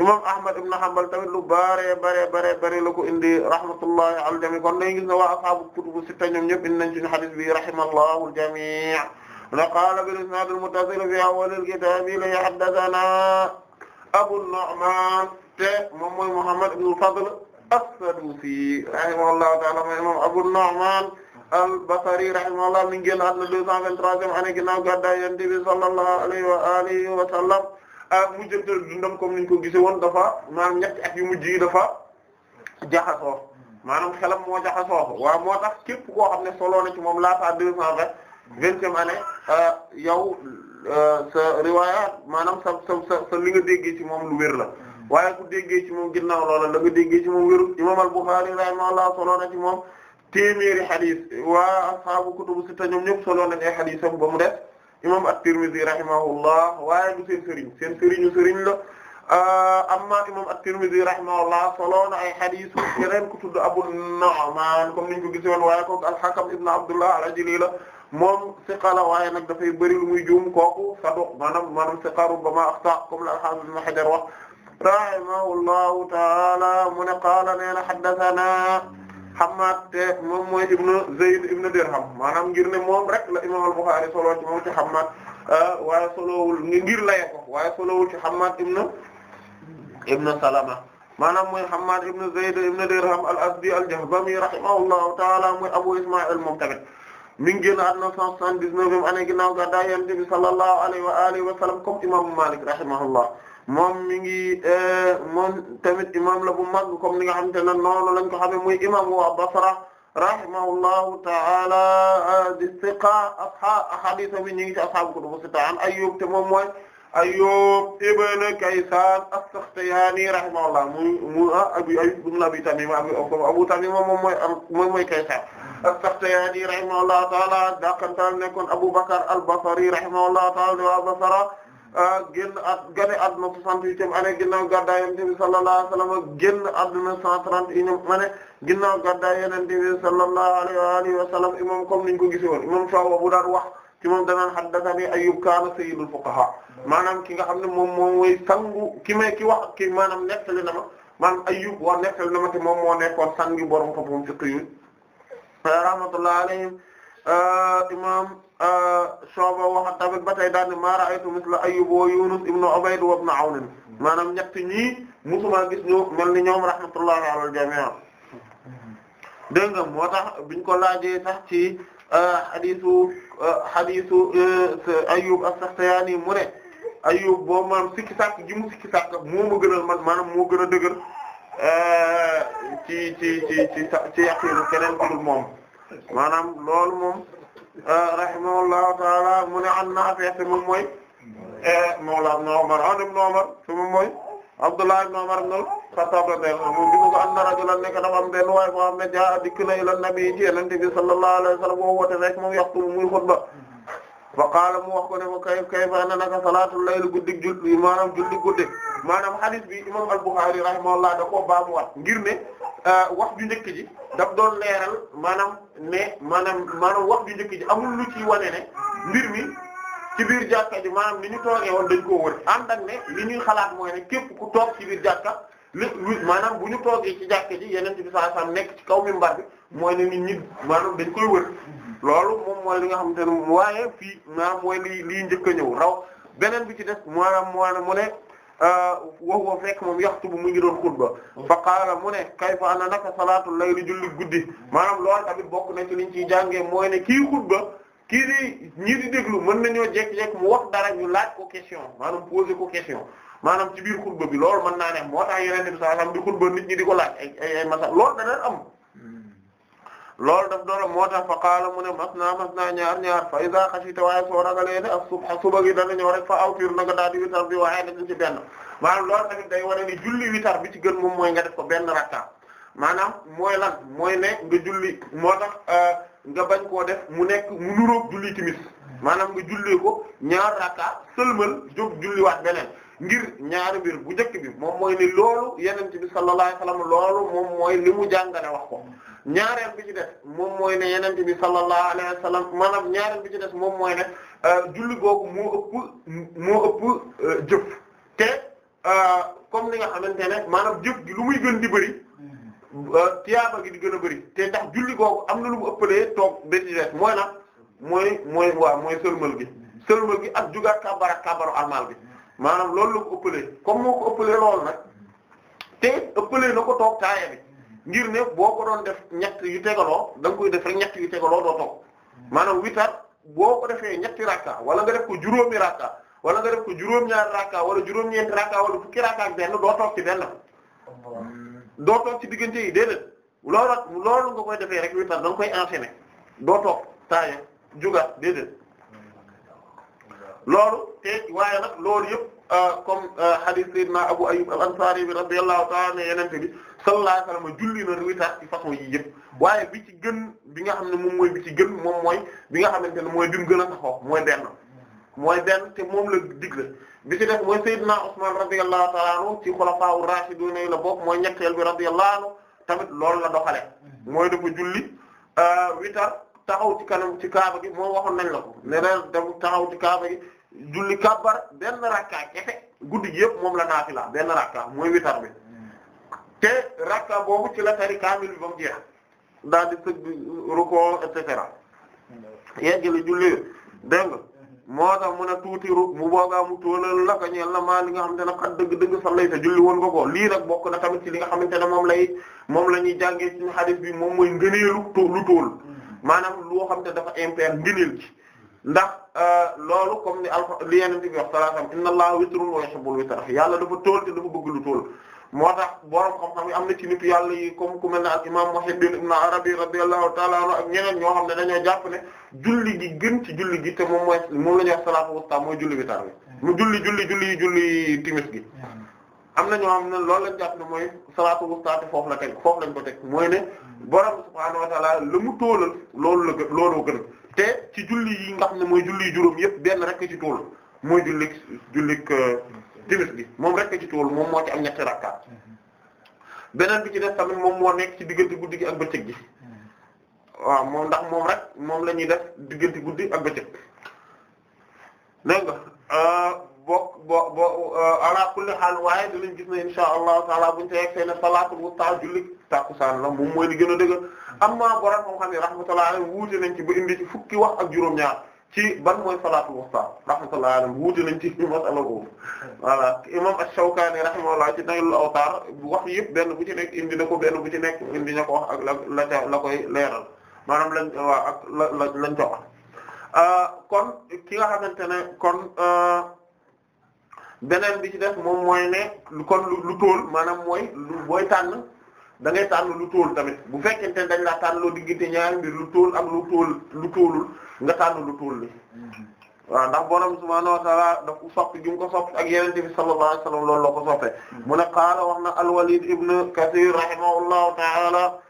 imam Ahmad ibn Hanbal tamit lu bare bare bare bare la ko indi rahmatullahi ala jami kon dañu gis ne waa ashaabu kutubu sitta ñoom ñëpp indi nañ suñu hadith bi rahimallahu al-jami' na qaala bil isnad al-muttasil fi awwal al-kitab la haddathana Abu Nu'man te moom mooy Muhammad ibn al-Fadl as-Sadusi rahimahullahu ta'ala mooy imam Abu Nu'man al-Basri rahimahullah mi ngi génn àdduna deux cent vingt-troisième année ginnaaw gàddaay Yonent bi sallallahu alayhi wa alihi wa sallam ah, mujjantal dundam comme niñ ko gisee woon dafa maanaam ñetti at yu mujj yi dafa jaxasoo maanaam xelam moo jaxasoo waaw moo tax képp koo xam ne soloo na ci moom laataa deux cent vingt vingtième année ah, yow ah, sa riwaayaat maanaam sa sa ci moom lu wér la waaye ku déggee ci moom ginnaaw loola la nga déggee ci moom wérul imam al-Bukhari rahimahullah solo na ci moom téeméeri xadis waa ashaabu kutubu sitta ñoom ñëpp solo nañ ay xadisam ba mu def imam at-Tirmidhi rahimahullah waaye du seen sëriñ seen sëriñu sëriñ la amma imam at-Tirmidhi rahimahullah solo na ay xadisu yeneen ku tudd Abu Nu'man comme niñ ko gisoon waaye ko al-Hakam ibn Abdullah al-Ajli la moom siqa la waaye nag dafay bëri lu muy juum kooku saduq maanaam maanaam siqa rubbama axta comme la al-Hafiz rahimahullahu taala mu ne qaala nee na haddathana Hammad te moom mooy ibnu Zayd ibnu Dirham maanaam ngir ne moom rek la imam al-Bukhari solo ci moom ci Hammad ah, waaye solowul ngir laye ko waaye solowul ci Hammad ibnu ibnu Salama maanaam mooy Hammad ibnu Zayd ibnu Dirham al-Azdi al-Jahbami rahimahullahu taala mooy Abu Isma'il moom tamit mi ngi génn àdduna 179 année ginnaaw gàddaay Yonent bi sallallahu alayhi wa alihi wa sallam comme imam Malik rahimahullah moom mi ngi eh, moom tamit imam la bu mag comme ni nga xamante ne noonu lañ ko xamee muy imam wa Basra rahimahullahu ta'ala eh, di siqa asha hadith bi ñu ngi ci ashaabu kutubu sitta an Ayyub te moom mooy Ayyub ibn Kaysan as-Sakhtiyani rahimahullah muy mu ah, Abi Ayyub ibn Abi Tamima Abu Tamima moom mooy moom mooy Kaysan as-Sakhtiyani rahimahullahu ta'ala daqantal nekkoon Abu Bakr al-Basri rahimahullahu ta'ala wa Basra génn at gane àdduna 68e année ginnaaw gàddaay Yonent bi sallallahu alayhi wa sallam génn àdduna 131e année ginnaaw gàddaay Yonent bi sallallahu alayhi wa alihi wa imam comme niñ ko gisee woon imam Shu'ba bu daan wax ci moom danaan haddathani Ayyub kaana sayyidul fuqaha maanaam ki nga xam ne moom moom mooy sangu ki may ki wax ki maanaam nettali na ma maanaam Ayyub wax nettali na ma te moom moo nekkoon sangi borom xam-xam fiqh yi rahmatullahi alayhim euh, imam Euh, Shu'ba wax tamit ba tey daal ne ma ra'aytu misla Ayyub wa Yunus ibn Ubayd wa ibn Awn maanaam ñett ñii musuma gis ñu mel ni ñoom rahmatullahi ala al-jami' dégg nga moo tax biñ ko laajee sax ci euh, hadiisu euh, hadiisu Ayyub as-Saxtiyaani mu ne Ayyub boobu maanaam sikki sàkk ji mu sikki sàkk moo ma gënal man maanaam moo gën a dëgër ci ci ci ci ci yaqiinu keneen ku dul moom maanaam loolu moom. rahimahullahu taala mu ne an Naafi' te moom mooy e, mawla ibn Umar an ibn Umar te moom mooy Abdullah ibn Umar ibn al-Khattab mu ko anna rajulan nekk dafa am benn waay boo xam ne jaa dikk na ila nabi ci Yonent bi sallallahu alayhi wa rek moom yaxtu muy xutba fa qaala mu wax ko ne ko kay kay fa na naka salaatul layl guddig julli maanaam julli guddi maanaam hadith bi imam al-Bukhari rahimahullah da koo baamuwaat ngir ne euh, wax ju njëkk ji daf doon leeral maanaam ne maanaam maanaam wax ju njëkk ji amul lu ci wane ne mbir mi ci biir jàkka ji maanaam ni ñu toogee woon dañ ko wër ànd ak ne li ñuy xalaat mooy ne képp ku toog ci biir jàkka li maanaam bu ñu toogee ci jàkka ji yeneen ci bi saa sam nekk ci kaw minbar bi mooy ne nit ñi maanaam dañ koy wër loolu moom mooy li nga xamante ne moom waaye fii maanaam mooy lii lii njëkk a ñëw raw beneen bi ci def des maanaam maanaam mu ne waxwa euh, fekk moom yaxtu bu mu ngi doon xutba fa qaala mu ne kayfa ana naka salaatul di julli guddi maanaam loolu tamit bokk na ci liñ ciy jàngee mooy ne kii xutba kii di ñii di déglu mën na nañoo jékki-jékki mu wax dara ñu laaj ko question maanaam poser ko question maanaam ci biir xutba bi loolu mën naa ne moo tax yeneen bi sallallahu ñi di ko laaj ay ay ay masa am loolu daf doon moo tax fa qaala mu ne masna masna ñaar ñaar fa iza xasita waaye soo ragalee ne a subha suba gi dana ñëw rek fa awtir na nga daal di witar bi waaye dañu ci benn maanaam loolu tamit day wane ni julli witar bi ci gën moom mooy nga def ko benn rakka maanaam mooy lan mooy ne nga julli moo tax euh, nga bañ koo def mu nekk mu nuroog julli timis maanaam nga julli ko ñaar rakka sëlmal jóg julliwaat beneen ngir ñaari mbir bu njëkk bi moom mooy ni loolu yenent bi sallallahu alayhi wa sallam loolu moom mooy li mu jàngale wax ko ñaareel bi ci des moom mooy ne yenent bi sallallahu alayhi maanaam ñaareel bi ci des moom mooy ne euh, julli googu moo ëpp moo ëpp euh, jëf te euh, comme ni nga xamante ne maanaam jëf lu muy gën di bëri tiyaaba gi di gën a bëri te ndax julli googu am na lu mu ëppalee toog ba ci des mooy nag mooy mooy waaw mooy gi sëlmal gi ak jugaat kabar ak kabaru almal bi maanaam loolu la ko ëppalee comme moo ko ëppalee loolu nag te ëppalee na ko toog taaya bi ngir ne boo ko doon def ñett yu tegaloo da nga koy def rek ñett yu tegaloo doo toog maanaam witar boo ko defee ñetti rakka wala nga def ko juróomi rakka wala nga def ko juróom-ñaari rakka wala juróom-ñeenti rakka wala fukki rakka ak benn doo toog ci benn doo toog ci diggante yi déedéet loolu loolu nga koy defee rek witar da nga koy enchaîner doo toog taaya jugaat déedéet loolu te waaye nag loolu yëpp euh, comme euh, hadith sayyidina Abu Ayyub al-Ansari bi radiyallahu ta'ala ne yenente bi sallallahu alayhi wasallam julli na witar ci façon yi yëpp waaye bi ci gën bi nga xam ne moom mooy bi ci gën moom mooy bi nga xamante ne mooy dim gën a taxaw mooy benn mooy benn te moom la digle bi ci def mooy sayyidina Usman radiyallahu ta'ala anhu ci xulafaa ar-rashidun la bokk mooy ñetteel bi radiyallahu anhu tamit loolu la doxale mooy a julli euh, witar taxaw ci kanam ci kaaba gi moo waxoon nañ la ko ne da taxaw ci kaaba julli kàbbar benn rakka kese guddi gi moom la laa benn rakka mooy witar bi te rakka boobu ci la tari kaamil bi ba mu jeex daal di sëgg rukkoo et cetera yeggali julli dégg nga moo tax mu ne tuuti ru mu boogaa mu tóolal la ko maa li nga xamante ne xat dëgg-dëgg lay julli woon nga ko lii nag na tamit ci li nga xamante ne moom lay moom la ñuy jàngee ci xadis bi moom mooy ngëneelu lu tóol mm-hmm. maanaam loo xam te dafa impair ngëneel ci ndax euh, loolu comme ni alfa li yenente bi wax salaatam inna allaha witrun wa yuhibbul witr yàlla dafa tóol te dafa bëgg lu tóol moo tax borom xam-xam am na ci nitu yàlla yi comme ku mel ne al imam Muhiddin ibn Arabi radiyallahu ta'ala anhu ak ñeneen ñoo xam ne dañoo jàpp ne julli gi gën ci julli gi te moom mooy moom la ñuy wax salaatu wusta mooy julli witar bi mu julli julli julli julli timis gi am na ñoo xam ne loolu lañ jàpp ne mooy salaatu wusta te foofu la teg foofu lañ ko teg mooy ne borom subhaanahu wa ta'ala la loolu la gën looloo te ci julli yi nga xam ne mooy julli juróom yëpp benn rek ci tuul mooy jullik jullik euh, timis gi moom rek ci tuul moom moo ci am ñetti rakkaat beneen bi ci def tamit moom moo nekk ci diggante guddi gi ak bëccëg gi waaw moom ndax moom rek moom lañuy ñuy def diggante guddi ak bëccëg dégg nga euh, bokk bo bo euh, ala kulli xaal waaye dinañ gis ne insha allahu taala buñu te yegg see ne salaatul wusta julli tàkkusaan la moom mooy li gën a dëgg amma borom moo xam ne rahmatullahi alayhi wuute nañ ci ba indi ci fukki wax ak juróom-ñaar ci ban mooy salaatul wusta rahmatullahi alayhi wuute nañ ci <laughs> masala boobu voilà imam ash-Shawkani rahimahullah ci Naylul Awtar wax yëpp benn bu ci nekk indi na ko benn bu ci nekk indi na ko wax ak la la ca la koy leeral maanaam lañ waa ak la la lañ ca wax euh, kon ki nga xamante ne kon euh, beneen bi ci def moom mooy ne kon lu tuul maanaam mooy lu booy tànn da tànn lu tuul tamit bu fekkente ne dañ la tànn loo diggante ñaari mbir lu tuul ak lu tóol lu tóolul nga tànn lu tuul li waa ndax borom subhaanahu wa ta'aala daf ko soppi gi ko soppi ak yeneen bi sallallahu alayhi wa sallam soppee mu ne qaala wax na al ibn Kathir rahimahullahu ta'aala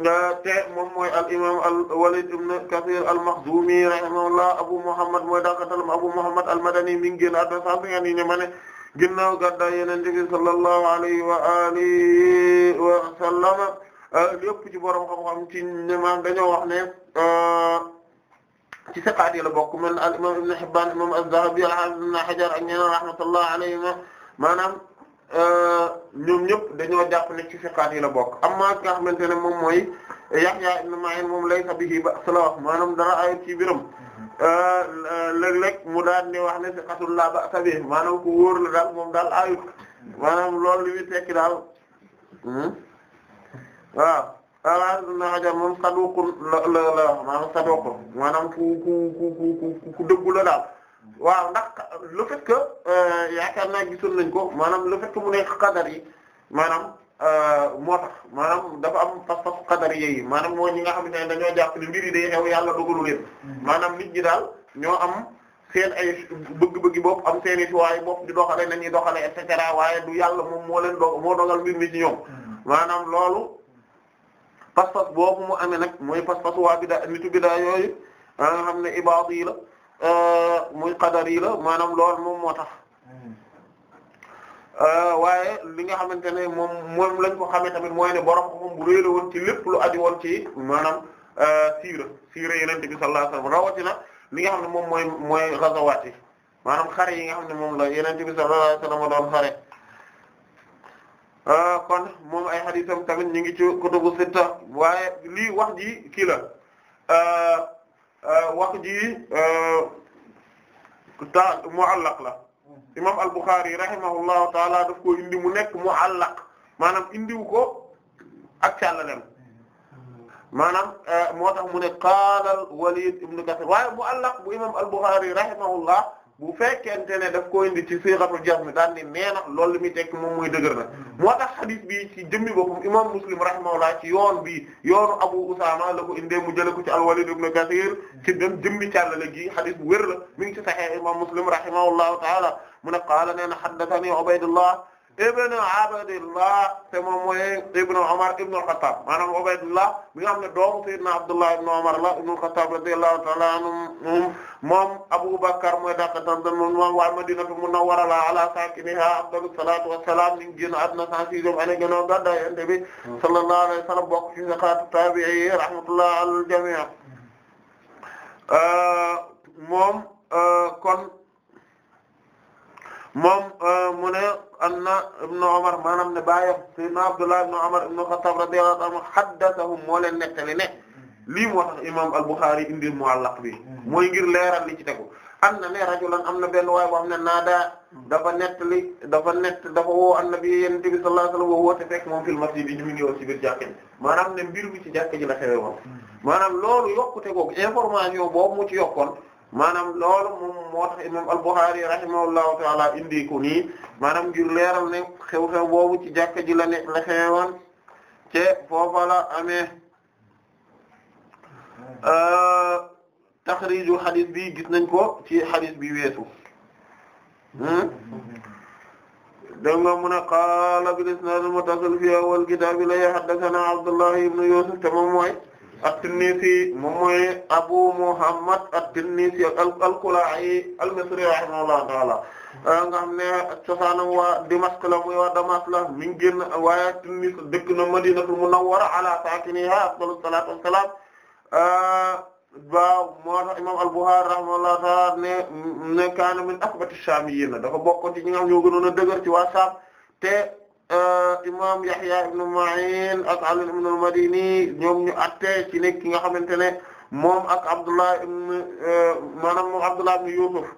Euh, te moom mooy al imam al Walid ibn Kathir al Makhzumi rahimahullah Abu Muhammad mooy dàqantalam Abu Muhammad al Madani mi ngi génn àdduna 150 yi ne ma sallallahu wa alihi wa sallam euh, lépp ci borom xam-xam ci ne maam dañoo euh, ci siqaat yi la bokk man al imam Ibn Hibban imam az al-Hafiz rahmatullah alayhim maanaam. ñoom ñëpp dañoo jàpp ne ci fiqaat yi la bokk amma nga xamante ne moom mooy Yahya ibn Ma'in moom laysa bihi ba'sa la wax maanaam dara ayut ci biram mhm. léeg-léeg mu daal di wax ne fiqatul la ba'sa bihi maanaam ku wóor la daal moom daal ayut maanaam lool li muy tekki daal hmm? waaw ala na xajar moom saduqun la la la maanaam saduqun maanaam ku ku ku ku daal waaw ndax le fait que euh, yaakaar naa gisoon nañ ko maanaam le fait que mu nekk qadar yi maanaam euh, moo tax maanaam dafa am fas-fas qadar yi maanaam moo ñi nga xamante ne dañoo jàpp ne mbir yi day xew yàlla dogalu leen mm-hmm. maanaam nit ñi daal ñoo am seen ay bëgg-bëggi bopp am seen i tuwaay bopp di doxale nañuy doxale et cetera waaye du yàlla moom moo leen do moo dogal mbir mi ci ñoom mm-hmm. maanaam loolu fas-fas boobu mu amee nag mooy fas-fas waa bi da nitu bi daa yooyu nga xam ne ibaad yi la Euh, muy qadar yi la maanaam loolu moom moo tax hmm. euh, waaye li nga xamante ne moom moom lañ ko xamee tamit mooy ne borom moom xam bu réeré woon ci lépp lu aju woon ci maanaam euh, siira siira Yonent bi sallallahu alayhi wasallam rawatina li nga xam ne moom mooy mooy gazawaat yi maanaam xare yi nga xam ne moom la Yonent bi sallallahu alayhi wasallam doon xare. kon moom ay xadiisam tamit ñu ngi ci kutubu sitta waaye li wax ji kii la. Euh, wax ji euh, ta muallaq la mm-hmm. imam al-Bukhari rahimahullahu taala daf ko indi mu nekk muallaq maanaam indiw ko ak càllalem mm-hmm. maanaam euh, moo tax mu ne qaala al-Walid ibn Kathir waaye muallaq bu imam al-Bukhari rahimahullah bu fekkente ne daf ko indi ci siixatul jazm daan ni na loolu li muy tekk moom mooy dëgër na moo tax xadis bi ci jëmmi boppam imam muslim rahimahullah ci yoon bi yoonu abu usama la ko indee mu jële ko ci al-walid ibn kathir ci dem jëmmi càllale gi xadis bu wér la mi ngi ci sahih imam muslim rahimahullahu taala mu ne qaala nee na haddathani ubaydullah ibn Abdullah te moom mooy ibn Umar ibn al-Khattab maanaam Ubaydullah mi nga xam ne doomu sayyidina Abdullah ibn Umar la ibn al-Khattab radiyallahu ta'ala anhum moom Abu Bakr mooy dàqatam dan moom moom waa Madinatu Munawwara la ala sakiniha afdalu salatu wassalam ni ngi génn àdduna cent sixième année gënoo gàddaay Yonent bi sallallahu alayhi wa sallam bokk ci saqaatu tabi'i rahmatullah al jami' moom kon moom euh, mu ne anna ibnu Umar maanaam ne baayam sayyidina Abdullah ibnu Umar ibnu Xattaab radiyallahu anhu haddathahum moo leen nettali ne lii moo tax imaam al-Bukhari indi mu'allaq bi mooy ngir leeran li ci tegu am na ne rajulan am na benn waay boo xam ne naada dafa nettali dafa nett dafa woo annabi yonent bi sallallahu alayhi wasallam woote fekk moom fil masjid bi ñu ngi woon ci biir jàkka ji maanaam ne mbir mi ci ji la xewe woon maanaam loolu yokkute googu information boobu mu ci yokkoon maanaam loolu moom moo tax imam al taala indi ko nii maanaam ngir leeral ne xew-xew boobu ci jàkka ji la ne la xewoon te foofa la amee euh, taxriju xadis bi gis nañ ko ci xadis bi weesu hmm? dégg nga mu ne qaala bil isnaad al-muttasil fi awwal kitaab la haddathana Abdullah ibn Yusuf te moom mooy at-Tinnisi moom mooy Abu Muhammad at-Tinnisi al-Kalaa'i al-Misri rahimahullahu ta'ala nga xam ne cosaanam waa Dimashq la muy waa Damas la mi ngi génn waaye Tinnis dëkk na Madinatul Munawwara ala saakiniha afdalu salaatu wassalaam waaw moo tax imaam al-Bukhari rahimahullahu ta'ala ne ne kaana min athbati ash-Shaamiyyiin dafa bokk ci ñi nga xam ñoo gënoon a dëgër ci waa Saam te. Euh, imam Yahya ibn Ma'in ak Ali ibn al-Madini ñoom ñu ci nekk ki nga xamante ne moom ak Abdullah ibn euh, maanaam moom Abdullah ibn Yusuf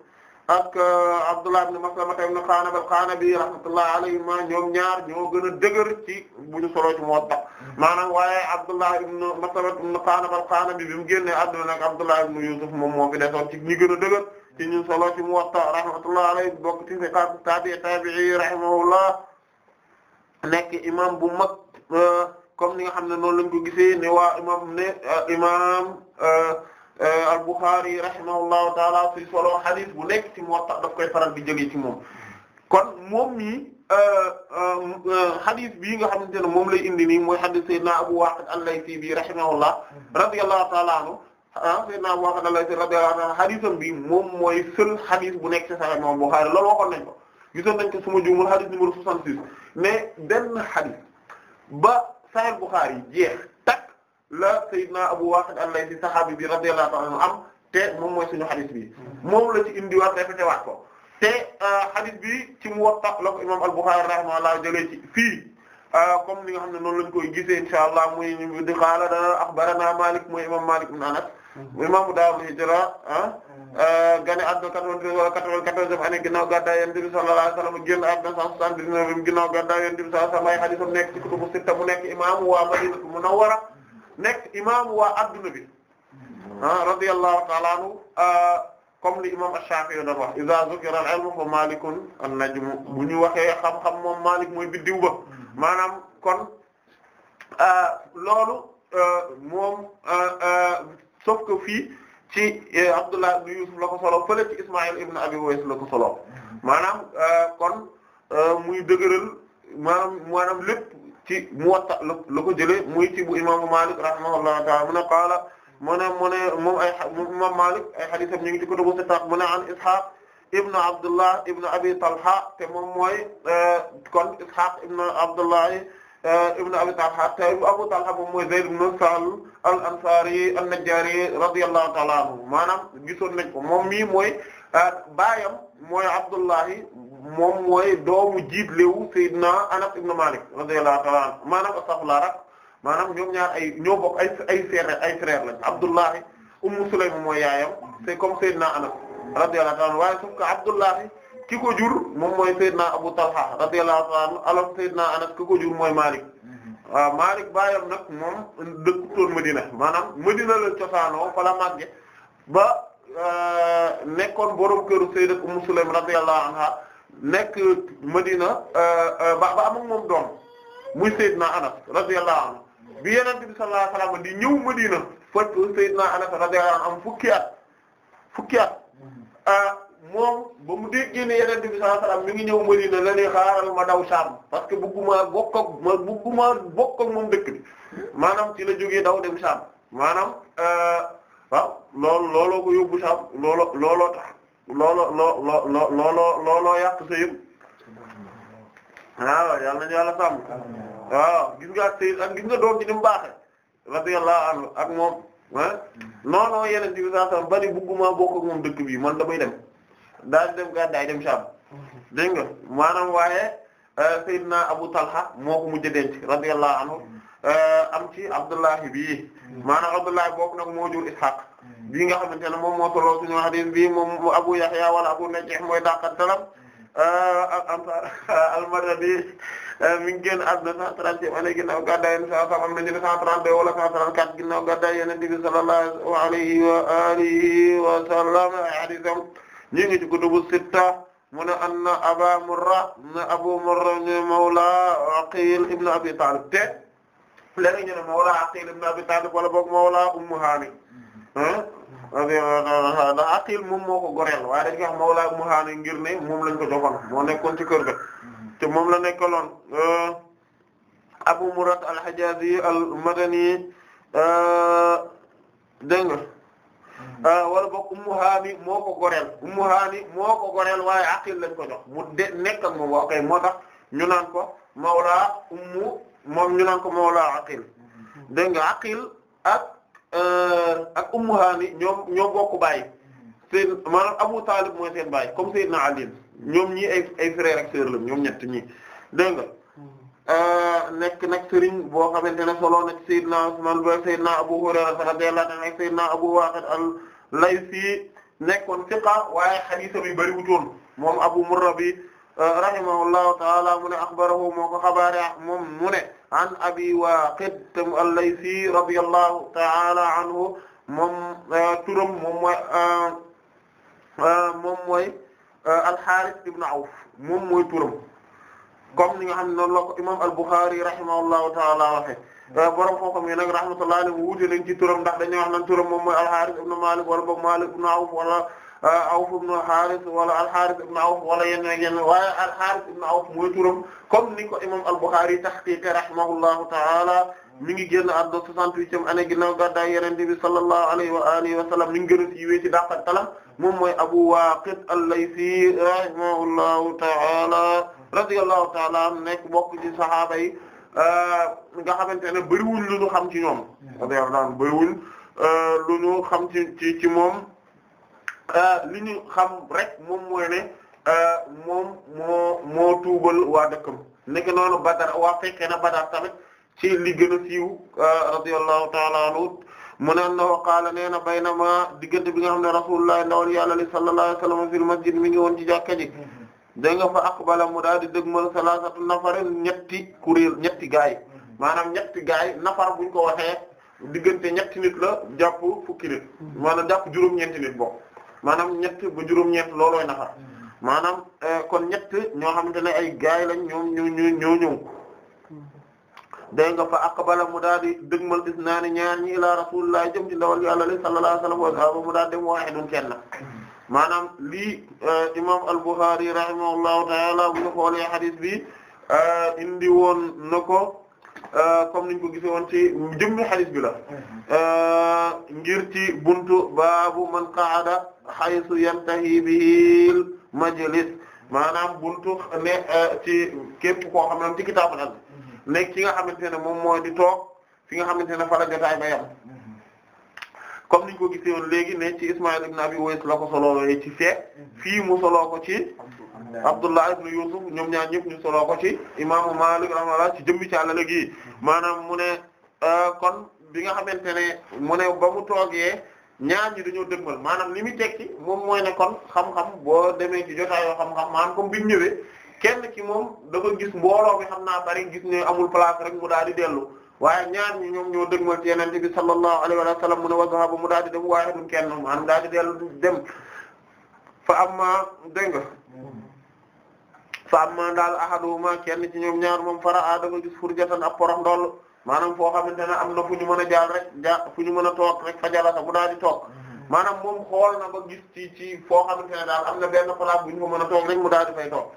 ak euh, Abdullah ibn Maslamah ibn Qanab al-Qanabi rahmatullahi alayhima ñoom ñaar ñoo gën a dëgër ci bu ñu solo ci Muwatta maanaam waaye Abdullah ibn Maslamah ibn Qanab al bi bi mu génnee àdduna nag Abdullah ibn Yusuf moom moo fi desoon ci ñi gën a dëgër ci ñu solo ci Muwatta rahmatullahi alayhi bokk ci siqat tabi'i tabi'i rahimahullah nekk imam bu mag euh, comme ni nga xam ne noonu lañu ko gisee ne waa imam ne euh, imam euh, al-Bukhari rahimahullahu taala suy solo hadith bu nekk ci Muwatta daf koy faral di jógee ci moom kon moom mi hadith bii nga xamante ne moom lay indi nii mooy hadith Seydina Abu Waqid al-Laythi bi rahimahullah radiyallahu taala anhu ah Seydina Abu Waqid al-Laythi radiyallahu taala haditham bi moom mooy seul hadith bu nekk ci Sahih Bukhari loolu waxoon nañ ko gisoon nañ ko suma juumul hadith numéro 66 mais benn hadith ba Sahih Bukhari jeex tak la Seydina Abu Waqid al-Laythi saxaabi bi radiyallahu ta'ala anhu am te moom mooy suñu hadith bi moom la ci indiwaat répété waat ko te hadith euh, bi ci Muwatta la ko imam al-Bukhari rahimahullah jëlee ci fii euh, comme ni nga xam ne noonu lañ koy gisee inshallah muy di qaala dana akhbarana Malik mooy imam Malik ibn Anas imaamu daarul hijra ah, ah, gane adduna quatre-vingt-treize wala quatre-vingt-quatorzième année ginnaaw gàddaay Yonent bi sallallahu alayhi wa sallam génn adduna cent soixante-dix-neuvième ginnaaw gàddaay Yonent bi sallallahu alayhi wa sallam ay hadiisam nekk ci kutubu sitta mu nekk imaamu waa Madinatul Munawwara nekk imaamu waa adduna bi ah radiyallahu ta'ala anhu ah, comme li imam Ash-Shafi'i doon wax iza zukira al-ilmu fa malikun an-najm bu ñu waxee xam-xam moom Maalik mooy biddiw ba maanaam kon loolu moom sauf que ci eh, Abdullah ibn la ko solo fële ci Ismaïl ibn Abi Uways la ko solo maanaam eh, kon eh, muy dëgëral maanaam maanaam lépp ci Muwatta la ko jëlee muy ci bu imaamu Malik rahimahullahu ta'ala mu ne qaala mu ay imam Malik ay haditham ñu ngi ci kutubu mu ne an Ishaq ibn Abdullah te moom mooy kon Ishaq ibn Abdullah Eh, ibn Abi Talha te Abu Talha moom mooy Zayd ibn Sahl al-Ansari an-Najjari radiyallahu ta'ala anhu maanaam gisoon nañ ko moom mii mooy eh, baayam mooy Abdullahi moom mooy doomu jiitlewu Seydina Anas ibn Malik radiyallahu ta'ala anhu maanaam astaghfirullah rak maanaam ñoom ñaar ay ñoo bokk ay ay frère ay Abdullahi Ummu Sulaym mooy yaayam c'est comme Seydina Anas radiyallahu ta'ala anhu waaye suuf ka Abdullahi ki ko jur moom mooy Seydina Abu Talha radiyallahu anhu alors Seydina Anas ki ko mooy Malik waaw Malik baayam nag moom dëkkutoon Medina maanaam Medina la cosaanoo fa la màgge ba euh, nekkoon borom këru Sayyidat Ummu Sulaym radiyallahu anha nekk Medina euh, euh, ba ba am ak moom doom muy Seydina Anas radiyallahu anhu bi Yonent bi sallallahu alayhi wa sallam fukki at fukki at. Mm-hmm. moom ba mu déggee ne yeneen bi sallallahu mu wasallam mi ngi ñëw Madina la ne xaaral ma daw Saam parce que bëgguma bokk ak ma bëgguma bokk ak moom dëkk bi maanaam ci la jógee daw dem Saam maanaam euh, waaw loolu looloo ko yóbbu Saam looloo looloo tax looloo loo loo looloo looloo yàq sa yëpp waaw yal nañu yàlla sàmm waaw gis nga ak sa ak gis nga doom ji ni mu ak moom ah non non yeneen bi sallallahu alayhi wasallam bari bëgguma bokk ak moom dëkk bi man damay dem. daal di dem gàddaay dem Sham dégg nga waaye euh, Seydina Abu Talha moo ko mujj denc radiyallahu anhu euh, am ci Abdullahi bii maanaam Abdullahi boobu nag moo jur Ishaq bii nga xamante ne moom moo tolloo suñu hadith bii Abu Yahya wala Abu Najih mooy daqantalam euh, al-Marwazi mi ngi génn àdduna 130 année ginnaaw gàddaay yonent bi am nañu ne 132 wala 134 ginnaaw gàddaay yonent bi sallallahu alayhi wa alihi wa sallam ñi ngi ci kutubu sitta mu aba murra na abu murra ñu mawla aqil ibn abi talib te léegi ñu ne mawla aqil ibn abi euh, ko goreel waaye dañ ko wax ngir ne moom lañ ko joxoon moo nekkoon ci kër ga te moom la nekkaloon euh, abu murra al-hijazi al Ah, wala boog ummu haani moo ko goreel ummu haani moo ko goreel waaye aqil lañ ko jox mu de nekk ak moom waaw kay moo tax ñu naan ko mawla ummu moom ñu naan ko mawla aqil dégg nga aqil ak eh, ak ummu haani ñoom ñoo bokk bàyyi te maanaam Abu Talib mooy seen bàyyi comme Seydina Ali ñoom ñii ay ay frère ak la ñoom ñetti ñii dégg nga Euh, nekk nag sëriñ boo xamante ne solo nag sayyidna Usman ba sayyidna Abu Hurayra radiyallahu anhu ak sayyidna Abu Waqid al-Laythi nekkoon fiqa waaye xadiisam yi bëriwutoon moom Abu Murra bi euh, rahimahullahu ta'ala mu ne axbarahu moo ko xabaare moom mu ne an Abi Waaqid al-Laythi radiyallahu ta'ala anhu moom euh, turam moom mooy moom mooy al-Haaris ibn Awf moom mooy turam comme ni nga xam ne noonu la ko imam al-Bukhari rahimahullahu ta'ala waxe hmm. euh, borom xam-xam yi nag rahmatullahi alayhi wuute nañ ci turam ndax dañuy wax naan turam moom mooy al-Harith ibn Malik wala boog Malik ibn Awf wala euh, Awf ibn al-Harith wala al-Harith ibn Awf wala yenn ak yenn waaye al-Harith ibn Awf mooy turam comme ni ko hmm. bi sallallahu alayhi wa alihi wa sallam mi ngi gën a siiwee ci dàqan talam moom Abu Waqid al-Laythi rahimahullahu ta'ala radiyallahu ta'ala anhu nekk bokk ci saxaaba yi euh, nga xamante ne bëriwuñ lu ñu xam ci ñoom radiyallahu anhu bëriwuñ euh, lu ñu xam ci ci moom euh, li ñu xam rek moom mooy ne moom moo moo tuubal waa dëkkam nekk noonu Badar waa fekkee na Badar tamit ci li gën a siiw radiyallahu ta'ala anhu mu ne annahu qaala nee na baynama diggante bi nga xam ne rasulullah ndawal yàlla li sallallahu alayhi wasallam fil masjid mi ngi woon ci jàkka ji dégg nga ak bala mu daal di a salaasatu nafarin ñetti kuréel ñetti gaay maanaam ñetti gaay nafar buñ ko waxee diggante ñetti nit la jàpp fukki nit maanaam jàpp juróom-ñeenti nit bokk maanaam ñett ba juróom-ñeent loolooy nafar maanaam euh, kon ñett ñoo xamante ne ay gaay lañ ñoom ñoo ñoo ñoo ñëw dégg nga mu daal di dëgmal isnaani ñaar ñi ilaa rasulullah jëm ci ndawal yàlla sallallahu alayhi wa sallam mu daal dem waahidun kenn maanaam lii euh, imam al-Bukhari rahimahullahu ta'ala bu ñu xoolee hadith bi euh, indi woon na ko euh, comme niñ ko gisee woon ci jëmmi hadith bi la ngir ci buntu baabu man qa'ada haythu yantahi bi al-majlis maanaam buntu ne ci képp koo xam ne ci kitaabul ilm mhm. nekk ci nga xamante ne moom mooy di toog fi nga xamante ne fa la jotaay comme niñ ko gisee woon léegi ne ci Ismaïl ibn Abi Uways la ko soloowe ci Fiek fii mu soloo ko ci Abdullah ibn Yusuf ñoom ñaar ñëpp ñu soloo ko ci imaamu Malik rahimahullah ci jëmbi càllale gi maanaam mu ne euh, kon bi nga xamante ne mu ne ba mu toogee ñaar ñi dañoo dëgmal maanaam li muy tekki moom mooy ne kon xam-xam boo demee ci jotaayoo xam-xam maanaam comme bi mu ñëwee kenn ki moom da gis mbooloo xam naa bari gis ne amul place rek mu daal di dellu waaye ñaar ñi ñoom ñoo dëgmal ci yenente bi sallallahu alayhi wa sallam mu ne wazahaba mu daal dem waahidun kenn maanaam daal di dellu dem fa amma dégg nga fa amma daal ahaduhuma kenn ci ñoom ñaar moom fara a dafa gis furjatan a porox ndoll maanaam foo xamante ne am na fu ñu mën a jaar rek ja fu ñu mën a toog rek fa jalasa mu daal di toog maanaam moom xool na ba gis ci ci foo xamante ne daal am na benn place bu ñu ko mën a toog rek mu daal di fay toog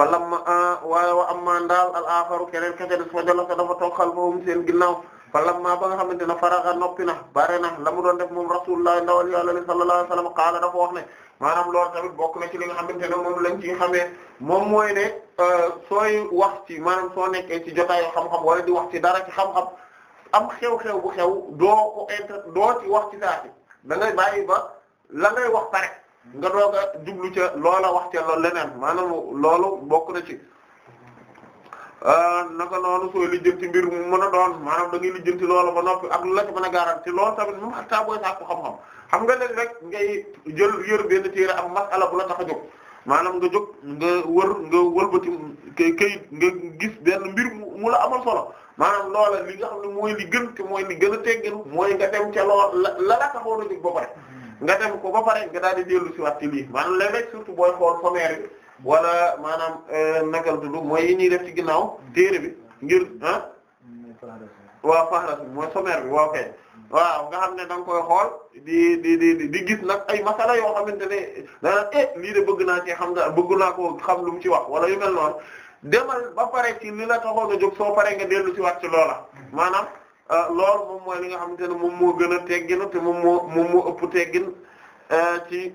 fa lamma ah, waaye wa amma ndaal al aaxaru keneen kese des fa jalla dafa toog xalfahum seen ginnaaw fa lamma ba nga xamante a faraga noppi na bare na la mu doon def moom rasulullah ndawal yàlla sallallahu alayhi wasallam qaala dafa wax ne maanaam loolu tamit bokk na ci li nga xamante ne moom lañ ci xamee moom mooy ne euh, sooy wax ci maanaam soo nekkee ci jotaayu xam-xam wala di wax dara ci xam-xam am xew-xew bu xew doo ko inter doo ci wax ci saa da ngay bàyyi ba la ngay wax nga doog jublu ca loola wax ca leneen maanaam loolu bokk na ci euh, naka noonu sooy lijjanti mbir mën a doon maanaam da lijjanti loola ba noppi ak lu la ci mën a garanti loolu xam-xam xam nga ngay jël yor benn téere am masala bu la tax a jóg maanaam nga jóg nga wër nga wëlbati kay benn mbir mu la amal solo maanaam loola li nga xam ne mooy li gën te mooy li gën a tegginu mooy nga dem ca loo la la taxoon a jóg ba pare nga dem ko ba pare nga daal di dellu si waat ci lii maanaam léeg-léeg surtout booy xool sommaire bi wala maanaam nagal euh, nakal tudd mooy yi ñuy def ci ginnaaw téere bi ngir ah waaw faxras bi mooy sommaire bi waaw kay waaw nga xam ne danga koy xool di di di di gis nag ay masala yoo xamante ne dana eh lii de bëgg naa ci xam nga bëgg naa ko xam lu mu ci wax wala yu mel noonu demal ba pare ci li la taxoon a jóg soo pare nga dellu si waat ci loola maanaam Euh, loolu moom mooy li nga xamante ne moom moo gën a tegginu te moom moo moom moo ëpp teggin euh, ci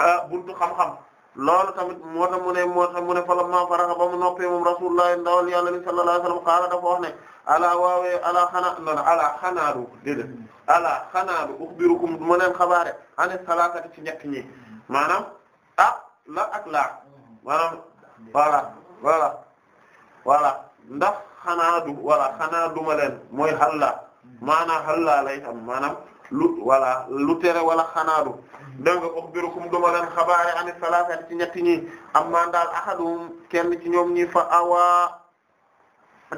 euh, buntu xam-xam loolu tamit moo tax mu ne moo tax mu ne fala ma faraxa ba mu noppee moom rasulullah ndawal yàlla ni sallallahu alayhi wasallam xaala dafa wax ne alaa xanaa non alaa xanaadu déedéet alaa xanaadu ma xabaare ane salaakati ci ñett ñi maanaam ah la ak laa maanaam voilà voilà ndax xanaa du wala xanaa duma leen mooy xalla maanaam xalla lay am maanaam lu wala lu tere wala xanaa du dégg nga ukhbirukum duma leen xabaare ani salaasati ci ñetti ñi amma daal ahadum kenn ci ñoom ñi fa awaa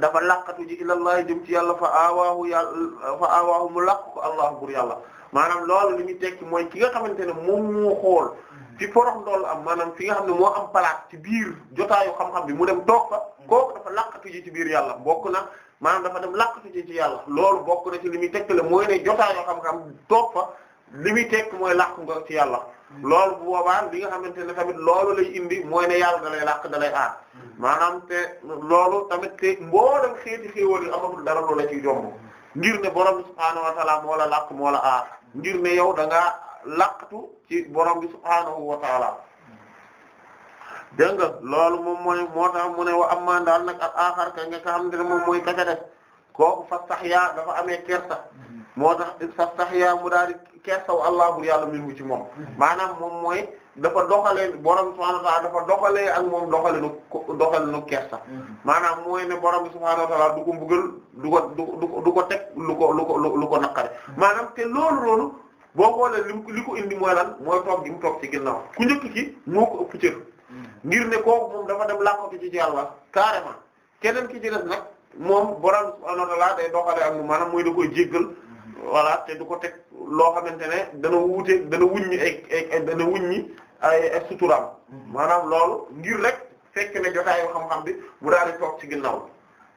dafa laqatu ji ilallahi jëm ci yàlla fa awaahu yàlla mu laq ko allah bur yàlla maanaam loolu li muy mooy ki nga xamante ne moom xool ci forom dool am maanaam fi nga xam ne moo am palaat ci biir jotaayu xam-xam bi mu dem toog fa kooku dafa laqatu ji ci biir yàlla bokk na maanaam dafa dem laqatu ji ci yàlla loolu bokk na ci li muy tegtale mooy ne jotaayu xam-xam toog fa li muy tekk mooy laq nga ci yàlla loolu bu boobaa li nga xamante ne tamit loolu lay indi mooy ne yàlla da lay laq da lay aar maanaam te loolu tamit te mboolem xeeti xéewal yi amatul dara loo la ciy jomb ngir ne borom subhaanahu wa ta'ala moo la aar ngir ne yow da ngaa laqatu ci borom bi subhaanahu wa taala dégg nga loolu moom mooy moo tax ne wa nag al axar ka nga xam ne moom mooy ka ca def kooku fastaxya dafa amee kersa moo tax fastaxya mu daal di kersaw allah bur yàlla min wu ci moom maanaam moom mooy dafa doxalee borom bi subhaanahu dafa doxalee ak moom doxalinu doxalinu kersa maanaam mooy ne borom bi subhaanahu wa taala du ko mbugal du ko du ko du ko ko lu lu ko naqare maanaam te loolu loolu boo xoolee li mu li ko indi mooy lan mooy toog gi mu toog ci ginnaaw ku njëkk ci moo ko ëpp cër mm. ngir ne kooku moom dafa dem ki ci yàlla ma keneen ki ci des nag moom borom subhaanahu wa ta'aala day doxalee am mu maanaam mooy da koy jéggal mm-hmm. voilà te du ko teg loo xamante ne dana wuute dana wuññi ay ay dana wuññi ay ay suturaam mm-hmm. maanaam loolu ngir rek fekk ne jotaayu xam-xam bi mu daal di toog ci ginnaaw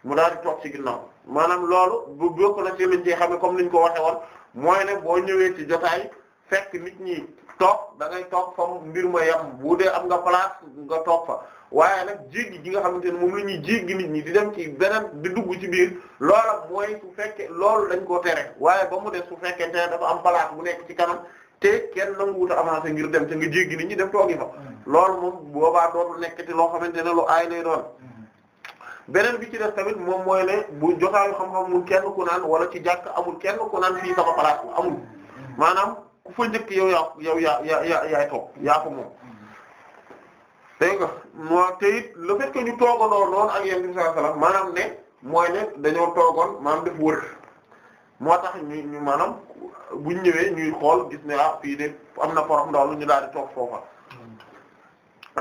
mu daal di toog ci ginnaaw. maanaam loolu bu bokk na ci liñ ci xame comme niñ ko waxe woon mooy ne boo ñëwee ci jotaay fekk nit ñi toog dangay toog fa mbir ma yam bu dee am nga place nga toog fa waaye nag jéggi gi nga xamante ne moom la ñuy jéggi nit ñi di dem ci beneen di dugg ci biir loola mooy su fekkee loolu dañ koo tere waaye ba mu des su fekkente ne dafa am place bu nekk ci kanam te kenn nanguwut a avancé ngir dem te nga jéggi nit ñi dem toogi fa mm. loolu moom boobaa dootul nekkati loo xamante ne lu aay lay doon mm. beneen bi ci def tamit moom mooy ne bu jotaayu xam-xam mun kenn ku naan wala ci jàkk amul kenn ku naan fii sama place amul maanaam ku fa njëkk yow yaa yow yaa yaay toog yaa ko moom. dégg nga moo te it le ñu toogandoo noonu ak yéen sallallahu alayhi wasallam maanaam ne mooy ne dañoo toogoon maanaam def wër moo tax ñu ñu maanaam buñ ñëwee ñuy xool gis ne ah fii am na porox ndaw ñu daal di toog foofa.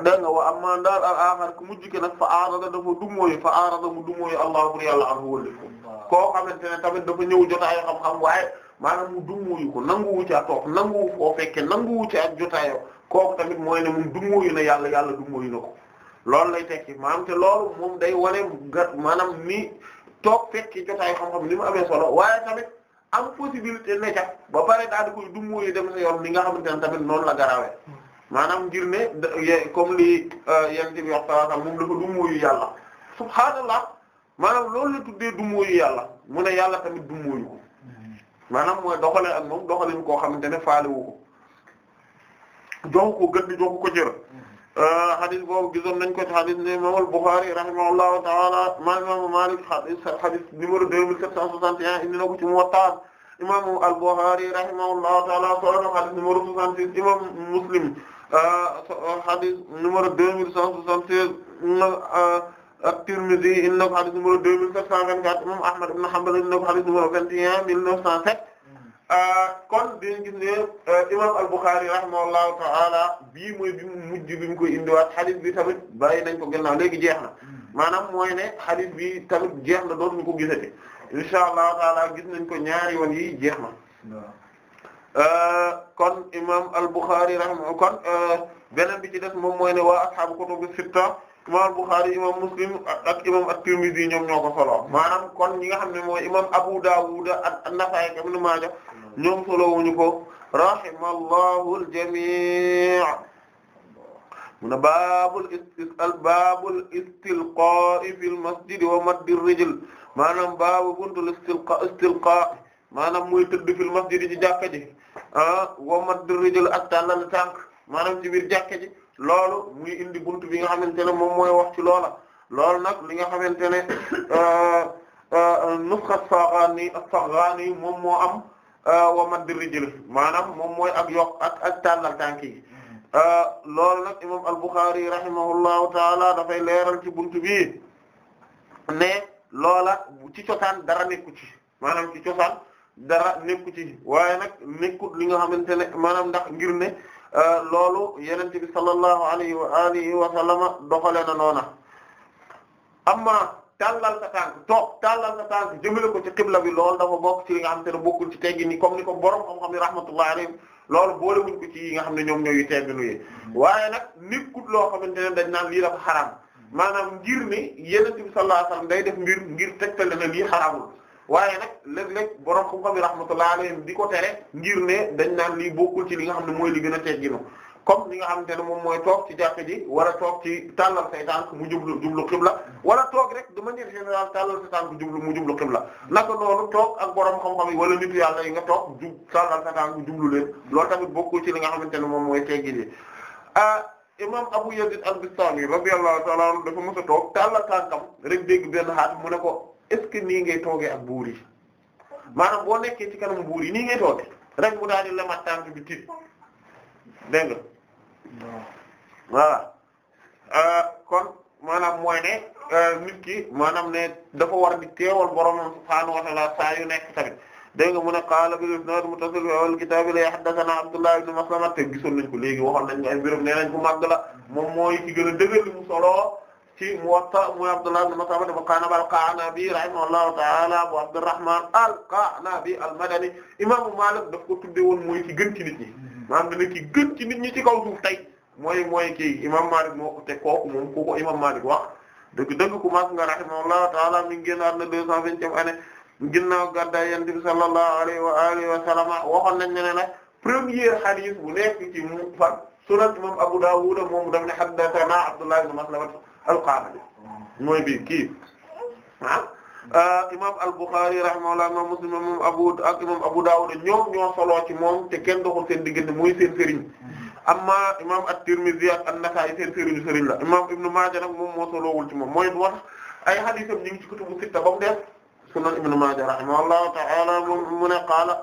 dégg nga wa amma daal al axar ku mujj ki nag fa aarada dafa dumóoyu fa aarada mu dumóoyu allah bur yàlla anhu wëlliku koo xamante ne tamit dafa ñëw jotaayu xam-xam waaye maanaam mu dumóoyu ko nanguwu ci a toog nanguwu foo fekke nanguwu ci ak jotaayo tamit mooy ne moom dumóoyu na yàlla yàlla dumóoyu na ko loolu lay tekkii maanaam te loolu moom day wane ga maanaam ni toog fekki jotaayu xam-xam ni mu amee solo waaye tamit am possibilité ne ca ba pare daal di koy dumóoyu dem sa yoon ni nga xamante ne tamit noonu la garawee hmm. maanaam ngir ne comme li euh, yent bi wax salaa moom dafa du mooyu yàlla subhaanallah maanaam loolu la tuddee du mooyu yàlla mu ne yàlla tamit du mooyu ko maanaam mooy doxale ak moom doxalin koo xamante ne faalewu ko joxu ko ko jër euh, xadis boobu gisoon nañ ko ci xadis ne imam al-Bukhari rahimahullahu ta'ala ma imam Malik xadis numéro deux mille sept na ko ci Muwatta imam al-Bukhari rahimahullahu ta'ala solo na xadis imam Muslim Euh, euh, hadith numéro deux mille cent soixante-seize euh, at-Tirmidhi inna ko hadith numéro deux mille sept cent vingt-quatre imam Ahmad ibn Hanbal inna ko hadith numéro vingt et un mille neuf cent sept kon dañu gis ne imam al-Bukhari rahimahullahu ta'ala bii mooy bi mujj bi mu koy indiwaat hadith bi tamit bàyyi nañ ko gannaaw léegi jeex na maanaam mooy ne hadith bi tamit jeex na dootuñu ko gisate insha Allah ta'ala gis nañ ko ñaari yoon yi jeex na Euh, kon imam al-Bukhari rahma kon euh, beneen bi ci des moom mooy ne waa ashaabu kutubu sitta imam al-Bukhari imam Muslim ak imam at-Tirmidhi ñoom ñoo ko solo maanaam kon ñi nga xam ne mooy imam Abu Dawud ak an-Nasa'i ak Ibn Maaja ñoom solo wuñu ko rahimallahu al-jami' mu ne baabul istisqaal baabul istilqaa'i fil masjid wa maddi rijl maanaam baabu buntul istilqaa' istilqaa' maanaam muy tëdd fil masjid ci jàkka ji womat di rijal ak tàllal tànk maanaam ci biir jàkke ji loolu muy indi buntu bi nga xamante ne moom mooy wax ci loola loolu nag li nga xamante ne euh, euh, nusxa saxaani moom moo am euh, womat di rijal maanaam moom mooy ak yokk ak ak tàllal tànk yi mm-hmm. loolu nag imam al-Bukhari rahimahullahu taala dafay leeral ci buntu bii ne loola ci cosaan dara nekku ci maanaam ci cosaan dara nekku ci waaye nag nekkut li nga xamante ne maanaam ndax ngir ne euh, loolu yenent bi sallallahu alayhi wa alihi wa sallama doxale na noona amma tàllal sa tànk toog tàllal sa tànk jëmale ko ci xibla bi loolu dafa bokk ci li nga xamante ne bokkul ci teggi ni comme ni ko borom xam-xam ni rahmatullahi alayhim loolu boole wuñ ko yi nga xam ne ñoom ñooy tegginu yi waaye nag nekkut loo xamante ne dañ naan lii dafa xaraam maanaam ngir ne yenent bi sallallahu alayhi wa day mbir ngir tegtale na lii xaraamul waaye nag léeg-léeg borom xam-xam yi rahmatullah alayhim di ko tere ngir ne dañ naan lii bokkul ci li nga xam ne mooy li gën a tegginu comme li nga xamante ne moom mooy toog ci jàkka ji wala toog ci tàllal say tànk mu jublu jublu xibla wala toog rek de manière générale tàllal sa tànk jublu mu jublu xibla naka noonu toog ak borom xam-xam yi wala nitu yàlla yi nga toog jub tàllal sa tànk jublu leen lool tamit bokkul ci li nga xamante ne moom mooy teggin yi ah, imam Abu Yazid al-Bistami radiyallahu ta'ala anhu dafa mës a toog tàllal tànkam rek dégg benn xaat mu ne ko est nii ngay toogee ak buur yi maanaam boo nekkee ci kanamu buur yi nii ngay toogee rek mu daal di lema tànk bi tiit dégg nga voilà euh, kon maanaam mooy ne euh, nit ki maanaam ne dafa war di teewal boroomam subhaanahu wa ta'aala saa yu nekk tamit dégg nga mu ne qaala bil isnaad muttasil wal kitaab la haddathanaa Abdullah ibn Maslama te gisoon nañ ko léegi waxoon nañ ko ay mbirum nee nañ ko màgg la moom mooy ci gën a li mu solo ci Muwatta muy Abdullah ibn Mas'ud ibn Qa'nab al-Qa'nabi rahimahullahu ta'ala Abu Abdurrahman al-Qa'nabi al-Madani imaamu Maalik daf ko tudde woon mooy ci gën ci nit ñi maanaam dana ki gën ci nit ñi ci kaw suuf tey mooy mooy kii imaam Maalik moo ko te kooku moom ku ko imaam Maalik wax dëgg dëgg ku mag nga rahimahullahu ta'ala mi ngi génnaat na deux cent vingtième année na gàddaay Yonent bi sallallahu alayhi wa alihi wa sallam waxoon ne nag premier hadith bu nekk ci mu fan Sunan imam Abu Dawud moom daf ne haddathana Abdullah ibn Maslama al-Qaadi mooy bi kii ah. ah imaam al-Bukhari rahimahullah imaam Muslim moom Abu ak imaam Abu Dawud ñoom ñoo solo ci moom te kenn doxu seen diggante muy seen sëriñ amma imaam at-Tirmidhi ak an-Nasa'i seen sëriñu sëriñ la imaam Ibn Maaja nag moom moo solowul ci moom mooy wax ay hadiisam ñu ngi ci kutubu sitta ba mu def sunan Ibn Maaja rahimahullahu ta'ala moom mu ne qaala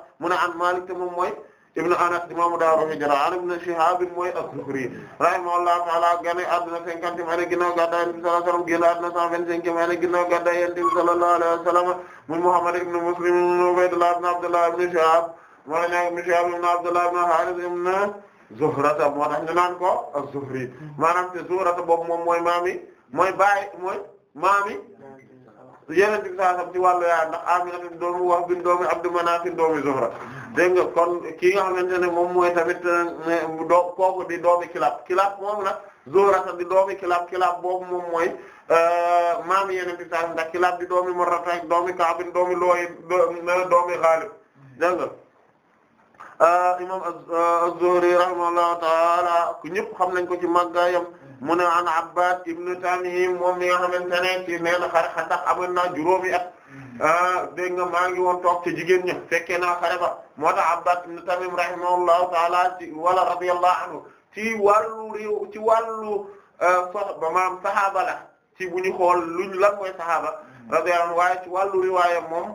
an Maalik te moom mooy. ibn Anas imaamu daaru hijra an ibn Shihab mooy az-Zuhri rahimahullahu ta'ala gane adduna cinquantième année ginnaaw gàddaay Yonent bi sallallahu alayhi wa sallam génn adduna cent vingt-cinquième année ginnaaw gàddaay Yonent bi sallallahu alayhi wa sallam muy Muhammad ibn Muslim ibn Ubaydullah ibn Abdullah ibn Shihab moo la ñaa ibn Shihab ibn Abdullah ibn Harith ibn Zuhrata moo tax ñu naan ko az-Zuhri maanaam te Zuhrata boobu moom mooy maami mooy baay mooy maami Yonent bi sallallahu alayhi wa sallam ci wàllu yaay ndax Amina doomu Wahb doomu Abdu Manaf doomu Zuhra dégg nga kon ki nga xamante ne moom mooy tamit euh, doo kooku di doomi kilaab kilaab moom la Zuhrata di doomi kilaab kilaab boobu moom mooy euh, maam yeneen bi sax ndax kilaab di doomi Murrata ak doomi Kaabin doomi Looy euh, doomi Gaalib dégg nga imam az-Zuhri rahimahullahu taala ku ñëpp xam nañ ko ci màggaayam mu ne an Abbad ibn Tamim moom mi nga xamante ne ci nee na xar xandax amoon na juróomi at Ah, dégg nga maa ngi woon toog ci jigéen ña fekkee naa xare ba moo tax Abbad ibn Tamim rahimahullahu taala ci wala radiyallahu anhu ci wàllu ci wàllu ah, sox ba maam saxaaba la ci bu xool luñ lan mooy saxaaba radiyallahu ci wàllu riwaaya moom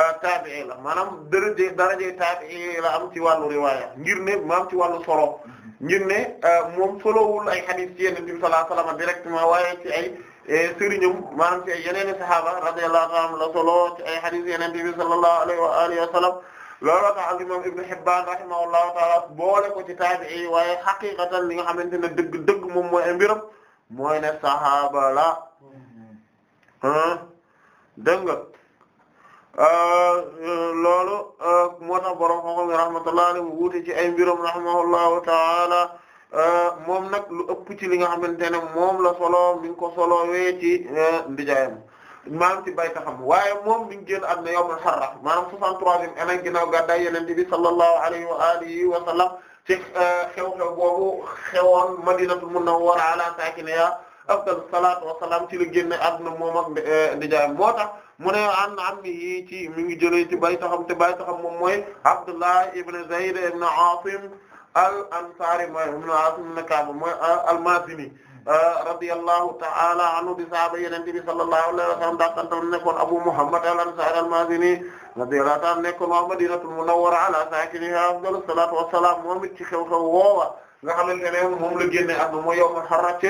ah, taabi'i la maanaam daraje daraje taabi'i la am ci wàllu riwaaya ngir ne maam ci wàllu solo ngir ne moom solowul ay hadith ci Yonent bi sallallahu alayhi wasallam directement waaye ci ay E sëriñam maanaam ci ay yeneeni sahaaba radiyallahu anhum solo ci ay hadith yeneen bi sallallahu alayhi wa alihi wa sallam looloo tax al imam Ibn Hibban taala boole ko ci taabi'i waaye xaqiqatan li nga xamante ne dëgg dëgg moom mooy ay mbiram mooy ne sahaaba la dégg nga euh, loolu euh, moo tax borom xam-xam rahmatullahi alayhi ci ay mbiram rahimahullahu taala Euh, moom nag lu ëpp ci li nga xamante ne moom la solo mi ngi ko solo wee ci euh, ndijaayam maam ci baytaxam waaye moom mi ngi génn àdduna yawmul harra maanaam 63e année ginnaaw gàddaay Yonent bi sallallahu alayhi wa alihi wa sallam ci euh, xew-xew boobu xewoon Madinatul Munawwara ala saakinihaa afdalu salaatu wa salaam ci li génne àdduna moom ak ndijaayam moo tax mu ne an ammihi ci mi ngi jëlee ci baytaxam te baytaxam moom mooy Abdullah ibn Zayd ibn Aasim al ansari mooy am na asim na kaaba mooy al-Maazini ah, radiyallahu ta'ala anhu di sahaaba Yonent bi sallallahu alayhi wa sallam daakantam nekkoon Abu Muhammad al-Ansari al-Maazini radiyallahu ta'ala nekkoon waa Madinatul Munawwara ala saakinihaa afdalu salaatu wa salaam moom it ci xew-xew woowa nga xamante ne moom la génne ak mooy yawmul Harra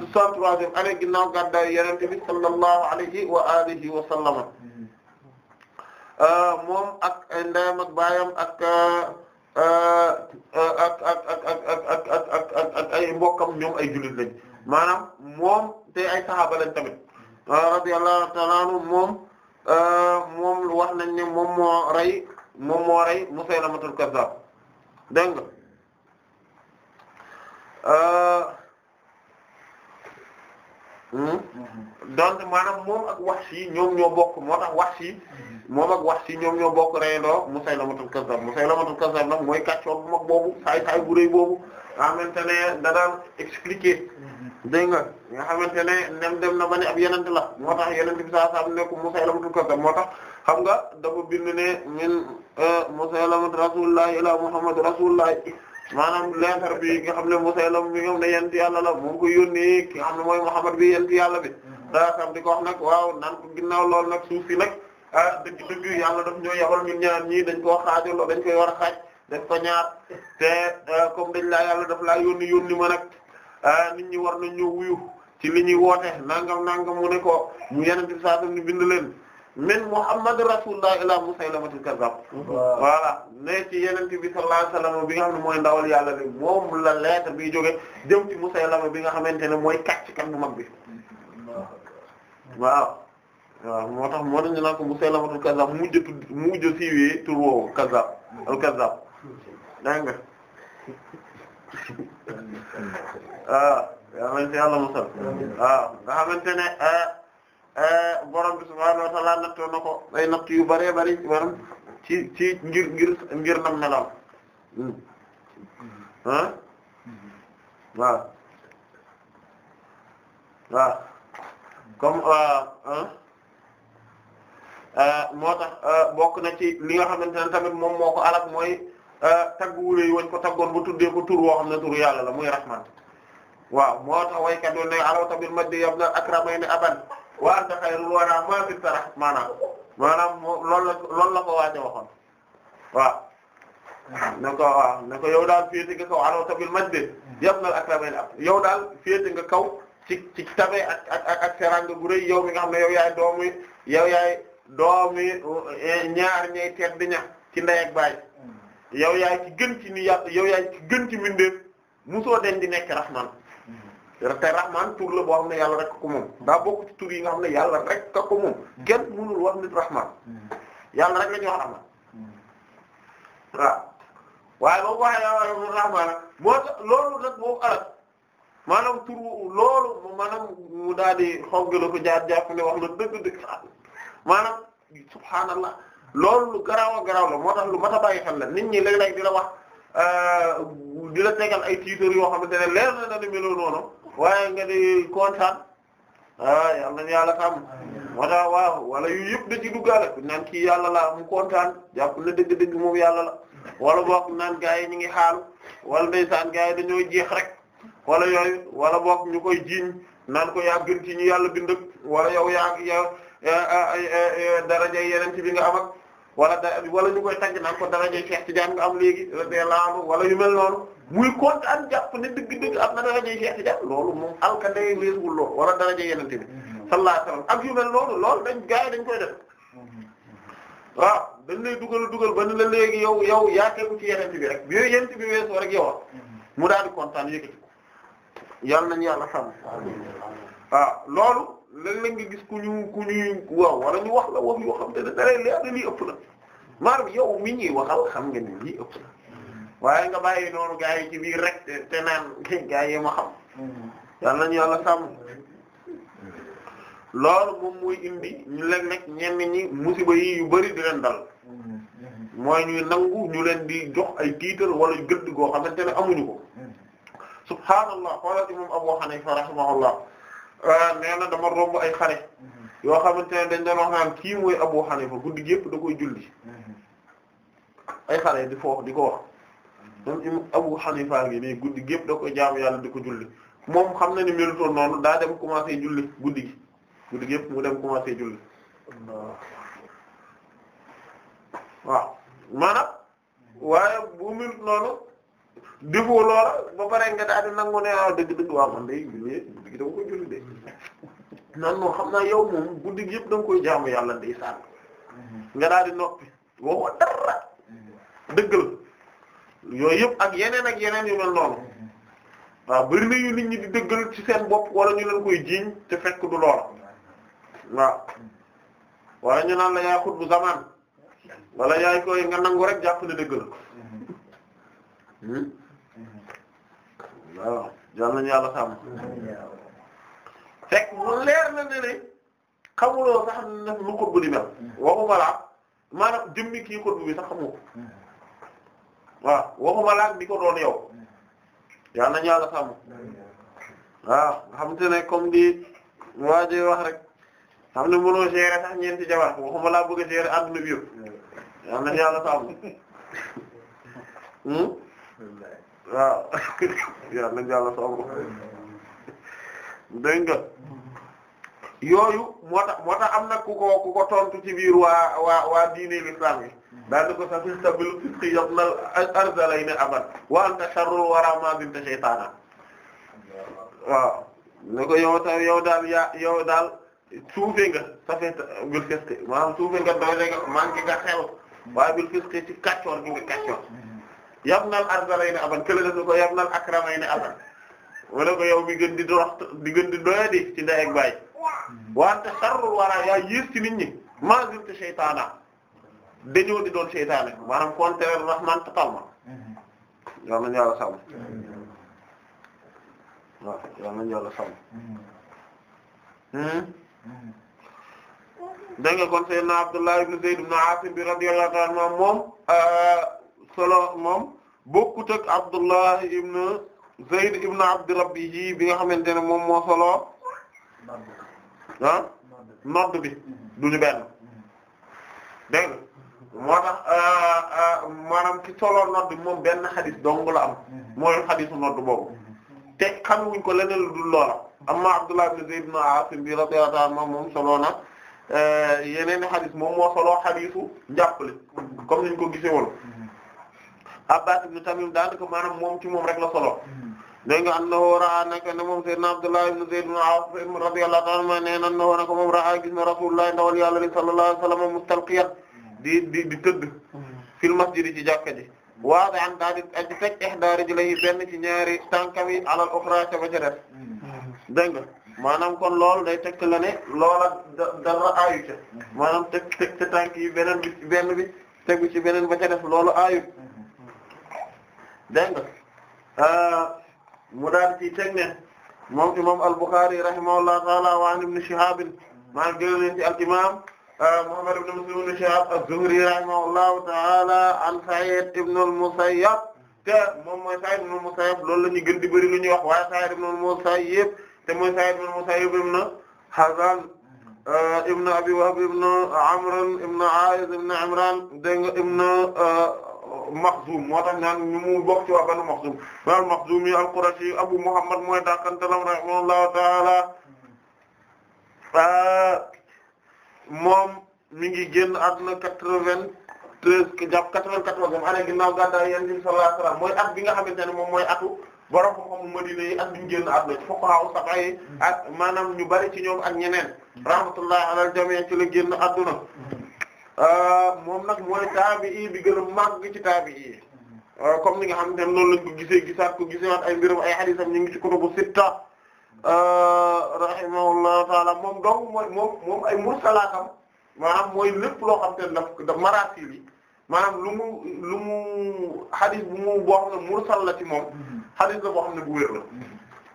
63e année ginnaaw gàddaay Yonent bi sallallahu alayhi wa alihi wa sallam mm-hmm. ah, moom ak ndeyam ak baayam ak ah, ak ak ak ak ak ak ak ak ay mbokkam ñoom ay jullit lañ maanaam moom te ay saxaaba lañ tamit radiyallahu ta'ala anhu moom moom wax nañ ne moom moo rey moom moo rey Musaylamatul Kazzab dégg nga donc maanaam moom ak Wahshi ñoom ñoo bokk moo tax Wahshi moom ak Wahshi ñoom ñoo bokk reyandoo Musaylamatul Kazzab Musaylamatul Kazzab nag mooy kàccoor bu mag boobu saay saay bu rëy boobu nga xamante ne da daan expliquer dégg nga nga nem dem na ba ne ab yenent la moo tax yenent bi saa saa nekk Musaylamatul Kazzab moo tax xam nga dafa bind ne min euh, Musaylamat Rasulullah ila Muhammad Rasulullah maanaam lettre bi nga xam ne Musaylam bi nga xam ne yent yàlla la moom ko yónnee ki nga xam ne mooy Muhammad bi yent yàlla bi mm-hmm. saa saa di ko wax nag waaw naan ko ginnaaw lool nag suuf si nag Ah dëgg dëgg yàlla daf ñoo yabal ñun ñaar ñii dañ ko koo xaajaloo dañ koy war a xaaj def ko ñaar te ah, comme dañ laa yàlla daf laa yónni yónni ma nag ah, nit ñi war na ñu wuyu ci li ñuy woote nangam nangam mu ne ko mu yeneen ci saa ni bind leen min Muhammad rasulullah ila Musaylamatul kazzab voilà ne ci yeneen bi sallallahu alayhi wasallam bi nga xam ne mooy ndawal yàlla bi moom la lettre bi jóge jëm ci Musaylama bi nga xamante ne mooy kàcc kan bu mag bi waaw. waaw moo tax moo tax ñu naan ko Musaylamatul Kazzab mu mujj a mu mujj siiwee tur woowu Kazzab al Kazzab dégg nga waaw yaa ngi si yàlla musal waaw ah, nga xamante ne ah, ah, borom bi subhaanahu wa ta'aala nattoo na ko ay natt yu bëree bëri waram ci ci ngir ngir ngir nam melam hmm. hmm. ah waaw hmm. waaw comme ah Euh, moo tax euh, bokk na ci li nga xamante ne tamit moom moo ko alak mooy euh, tagg wuré yi wañ ko taggoon bu tuddee ko tur woo xam ne tur yàlla la muy rahman waa moo tax waykat yo ne alaw tamit majdi yabna akramayni aban wa la la ko waaje waxoon waaw na ko waaw yow daal féete nga kaw alaw tamit kaw ci ci tabe ak ak ak ak mi nga xam ne yow yaay doomu yow yaay doomi eh, ñaar ñay tedd ña ci ndey ak baay yow yaay ci gën ci ni yàlla yow yaay ci gën ci mbindeef musoo den di nekk rahman te rahman tur la boo xam ne yàlla rek ko moom daa bokk ci tur yi nga xam ne yàlla rek ko moom kenn mënul wax nit rahman yàlla rek la ñuy wax rahman waaye loolu nag moo alal maanaam tur loolu maanaam mu daal di xonq la ko jaar jàpp ne wax la dëgg dëgg maanaam subhaanallah loolu lu garaaw a garaaw la moo tax lu mat a xel la nit ñi léeg-léeg di la wax euh, di la tegal ay titres yoo xamante ne leer na dana meloo waaye nga di kontaan ah yal nañu yàlla xam moo tax waaw wala yu yëpp da ci duggaale naan kii yàlla la mu kontaan jàpp na dëgg-dëgg moom yàlla la wala boog naan yi ñu ngi xaal wala ndeysaan yi dañoo jeex rek wala yooyu wala boog ñu koy jiiñ naan ko yaa gën ci ñu yàlla bind wala yow yaa Eh, eh, eh, daraja yeneen ci bi nga am ak wala da wala ñu koy tagg naan ko daraja Cheikh Tidiane nga am léegi radiyallahu wala yu mel noonu muy konte am jàpp ne dëgg-dëgg am na daraja Cheikh Tidiane loolu moom alkande weesuwul loolu wala daraja yeneen bi sallallahu alayhi wasallam ak yu mel noonu loolu dañ gaa yi dañ koy def waaw dañ lay dugal dugal ba ni la léegi yow yow yaa tegu ci yeneen bi rek bi yeneen bi weesoo rek yow mu daal di kontaan yëkkati ko yàlla nañu yàlla xam waaw loolu. léeg-léeg nga gis ku ñu ku ñu waaw wala ñu wax la wax yoo xam te ne dara leer na lii ëpp na maanaam yow wi ñuy waxal xam nga ni lii ëpp na waaye nga bàyyi noonu gaa yi ci biir rek te naan <laughs> gaa yi ma xam yal nañu yàlla sàmm loolu moom muy indi ñu leen nekk ñenn ñi musiba yi yu bari di leen dal mooy ñuy nangu ñu leen di jox ay tiital wala gëdd goo xamante ne amuñu ko mm-hmm. subhaanallah xoolal imam Abu Hanifa rahimahullah Ah, nee na dama romb ay xare mhm. yoo xamante ne dañ doon wax kii mooy Abu Hanifa guddi gi yëpp da koy julli mhm. ay xare di foofu di ko wax moom Abu Hanifa gi nii guddi gi yëpp da koy jaamu yàlla di ko julli moom xam ne ni melutoon noonu daa dem commencé julli guddi gi guddi gi yëpp mu dem commencé julli waaw maanaam waaye bu melut noonu defoo loola ba pare nga daal nangu ne waaw ah, dëgg dëgg waaw man day julli guddi gi dama koy julli de nan moo xam naa yow moom guddi gi yëpp da koy jaamu yàlla day sànn mm-hmm. nga daal di noppi waxoo dara mm-hmm. dëggal yooyu yëpp ak yeneen ak yeneen yu mel noonu mm-hmm. waaw bari yu nit ñi di dëggal ci seen bopp wala ñu leen koy jiiñ te fekk du loola waaw waaye ñu naan la yaay xut bu zamaan wala yaay koy nga nangu rek jàpp ne dëgg Hmm? waaw yal nañu yàlla sàmm fekk mu leer na ne ne xamuloo sax na lu xutbu di mel hmm. waxuma laa maanaam jëmmi kii hmm. waaw waxuma laa ni ko doon yow yal nañu yàlla sàmm waaw xam te comme di waa ji wax rek xam ne mënoo gérer sax ñeenti jabar waxuma laa bëgg a gérer àdduna bi yëpp yal nañu yàlla <laughs> waaw <laughs> yal nañ yàlla soobu dégg yooyu moo tax moo tax am na ku ko ku ko ci biir waa waa waa diine yi daal di ko sax fi sabilu fisqi yabnal arzalayni abad wa anta sharrul wara binta shaytana waaw ne ko yow tam yow daal yaa yow daal suufe nga safee bil fisqi maanaam suufe nga doy nga manqué nga xel waaye bil fisqi ci kàccoor gi nga kàccoor yabnal ardalayni aban kële def na ko yabnal akramayni aban mu ko yow mi di doyadi ci ndey baay wante sarrul wara yaa yées ci ñi maa zilta shaytaana dañoo di doon seytaane maanaam contraire rahman totalement yow nañu yàlla sàmm waaw yow nañu yàlla sàmm hmm? dégg nga kon Seydina Abdullah ibn Zayd ibn Asim moom euh, solo moom bokkut ak Abdullah ibn Zayd ibn Abd Rabbihi bi nga xamante ne moom moo solo ah nodd bi mm-hmm. duñu benn dégg moo tax euh, euh, maanaam ki solo nodd moom benn xadis dong la am mm-hmm. mooy xadisu nodd boobu mm-hmm. te xam wuñ ko leneen lu dul loola amma Abdullah ibn Zayd ibn Asim bi radiyallahu anhu moom solo na euh, yeneen i xadis moom moo solo xadisu njàppale comme niñ ko gisee woon Abbaas ibn Tamiim daanaka maanaam moom ci moom rek la solo hmm. dégg nga annahu ra'a naka ne moom Seydina Abdullah ibn Zayd ibn Awf radiyallahu ta'ala anhu nee na annahu naka moom ra'a gis na Rasulullah ndawal Yàlla sallallahu alayhi wa sallam mustalqiyan di di di tëdd fil masjid ci jàkka ji waadan daa di aji teg ihda rijlihi benn ci ñaari tànkam yi alal ukhra ca ba ca def hmm. nga maanaam kon loolu day teg la ne loola dara aayu ca hmm. maanaam teg teg tànk yi beneen benn bi tegu ci beneen ba ca def loolu dégg nga ah, mu daal ci teg ne moom imam al-Bukhari rahimahullahu ta'ala wa an ibn Shihab maa ngi leen ci al-imam ah, Muhammad ibn Muslim ibn Shihab az-Zuhri rahimahullahu ta'ala an Sa'id ibn al-Musayyab te moom mooy Sa'id ibn al-Musayyab loolu la ñu gën di bëri lu ñuy wax waaye Sa'id ibn al-Musayyib te mooy Sa'id ibn al-Musayyib ibn Hazan ah, ibn Abi Wahb ibn Amr ibn A'iz ibn Imran dégg nga ibn Maxzum moo tax naan mu bokk ci waa Banu Maxzum al Maxzumi al Qurashi mooy dakantalam rahimahullahu taala ah, moom mi ngi génn àdduna quatre-vingt-treize jàpp quatre-vingt-quatorzième année ginnaaw gàddaay Yonent bi sallallahu alayhi mooy at bi nga xamante ne moom mooy atu borom xam Madina yi ak bi ñu génn àdduna ci fuqaha yi ak maanaam ñu bari ci ñoom ak ñeneen rahmatullahi ala al jami' ci la génn àdduna Euh, moom nag mooy taabi'i bi gën a màgg ci taabi'i euh, comme ni nga xam ne noonu lañ ko gisee gisaat ko gisewaat ay mbiram ay hadisam ñu ngi ci kutubu sitta euh, rahimahullahu taala moom donc mooy moom moom ay mursalaatam maanaam mooy lépp loo xam te ne daf daf maraatil yi maanaam lu mu lu mu hadis bu mu boo xam ne mursal la ci moom hadis la boo xam ne bu wér la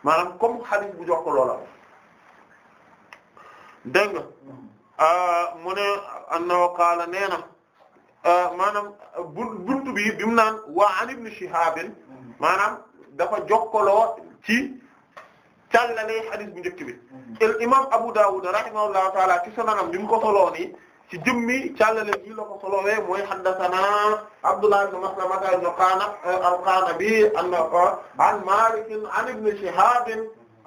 maanaam comme hadis bu jox ko loola dégg nga Ah, mu ne annahu qaala nee na ah, maanaam bu buntu bi bi mu naan wa an ibn Shihab maanaam dafa jokkaloo ci càllale hadith bu njëkk bi el mm-hmm. imam Abu Dawud rahimahullahu taala ci sananam bi mu ko soloo nii ci jëmmi càllale bi la ko solowee mooy haddathana Abdullah ibn Maslama ibn Qana eh, al-Qanabi an Malik an ibn Shihab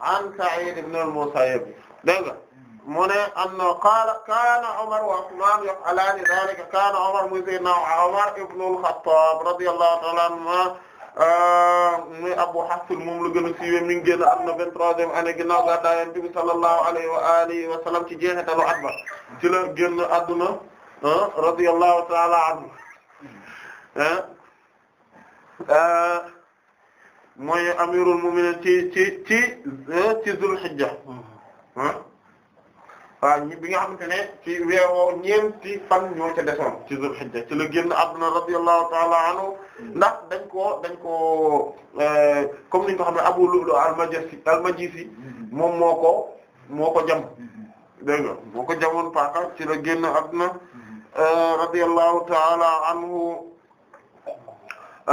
an Sa'id ibn al-Musayyib dégg nga mu ne anna qaala kaana Umar wa Usmaan yaf'alaani dhaalika kaana Umar muy sayyidina Umar ibn al-Khattaab radiyallahu ta'ala anhuma euh, muy Abu Hafs moom la gën a siiwee mi ngi génn am na vingt-troisième année ginnaaw gàddaay Yonent bi sallallahu alayhi wa alihi wa sallam ci jeexitalu at ba ci la génn adduna euh, radiyallahu ta'ala anhu euh, mooy amirul mu'minin ci ci ci ci Zul Hijja ah a ñi bi nga xamante ne ci weeroo ñeenti fan ñoo ca ci Zul ci la génn àdduna radiyallahu ta'ala anhu ndax dañ koo dañ koo euh, comme ni ñu ko xam ne Abu Lu'lu al-Majisi moom moo ko moo ko jam dégg nga ko jamoon paaka ci la génn àdduna euh, radiyallahu ta'ala anhu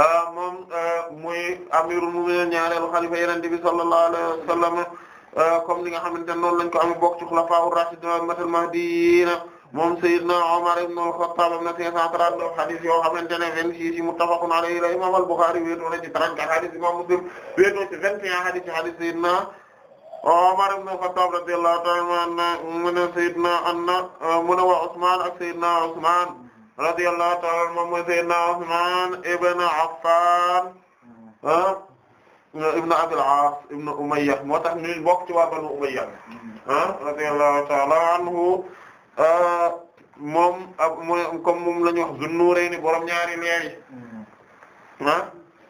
euh, moom muy amirul mu'minin ñaareelu xalifa Yonent bi sallallahu alayhi wa Euh, comme li nga xamante ne noonu lañ ko am bokk ci xulafaa ur-raashidina matal mahdiyiina moom Seydina Omar ibn al-Khattab am na 539 hadith yoo xamante ne 26 yi muttafaqun alayhi la imam al-Bukhari wéetoo na ci 34 hadith imam Muslim wéetoo ci 21 hadith ci hadith Seydina Omar ibn al-Khattab radiyallahu ta'ala anhu mu ne Seydina anna mu ne wa Usman ak Seydina Usman radiyallahu ta'ala anhu moom mooy Seydina Usman ibn Affan ah. ibn Abil Aas ibn Umayya moo tax ñu bokk ci waa Banu Umayya ah radiyallahu ta'ala anhu ah, moom ab mooy comme moom la ñuy wax Zunnurayni borom ñaari leer yi mm-hmm. ah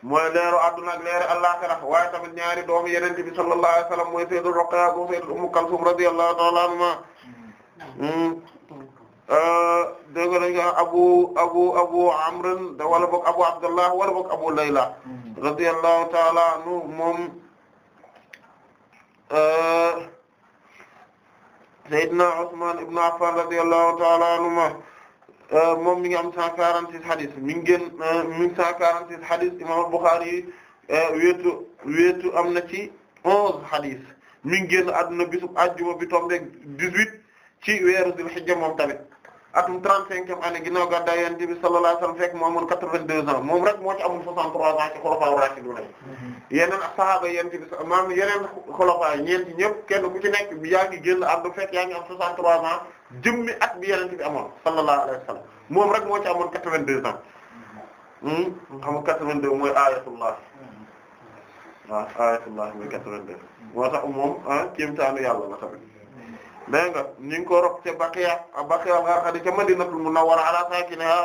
mooy leeru adduna ak leeru àllaxira waaye tamit ñaari doomu Yonent bi sallallahu alayhi wasallam mooy Sayyidul Ruqayya ak Sayyidul Ummu Kalsum radiyallahu ta'ala anhuma mm-hmm. ah, dégg nga dañ ko Abu Abu Abu Amr wala boog Abu Abdullah wala boog Abu Layla mm-hmm. radiyallahu ta'ala anhu moom euh, Seydina Usman ibn Affan radiyallahu ta'ala anhuma euh, moom mi ngi am 146 hadis mi ngi génn 146 euh, hadis imam Al-Bukhari yi wéetu am na ci 11 hadis mi ngi génn adduna bisub àjjuma bi tombeeg 18 ci weeru Dul Hijja moom tamit atum 35e année ginnaaw gàddaay Yonent bi sallallahu alayhi wasallam fekk moo amoon 82 ans moom rek moo ci amoon 63 ans ci xulafaa raashidun mhm. yeneen ak sahaaba Yonent bi maanaam yeneen xulafaa ñeenti ñëpp kenn ku ci nekk bi yaa ngi génn àdduna fekk yaa ngi am 63 ans jëmmi at bi Yonent bi amoon sallallahu alayhi wasallam moom rek moo ci amoon 82 ans xam hmm? nga mooy ayatullah mhm. waaw ayatullah mooy 82 moo tax moom ah kéemtaanu yàlla dégg nga ñu ngi ko rok ca Baqiya Baqiya al-Gharqadi ca Madinatul Munawwara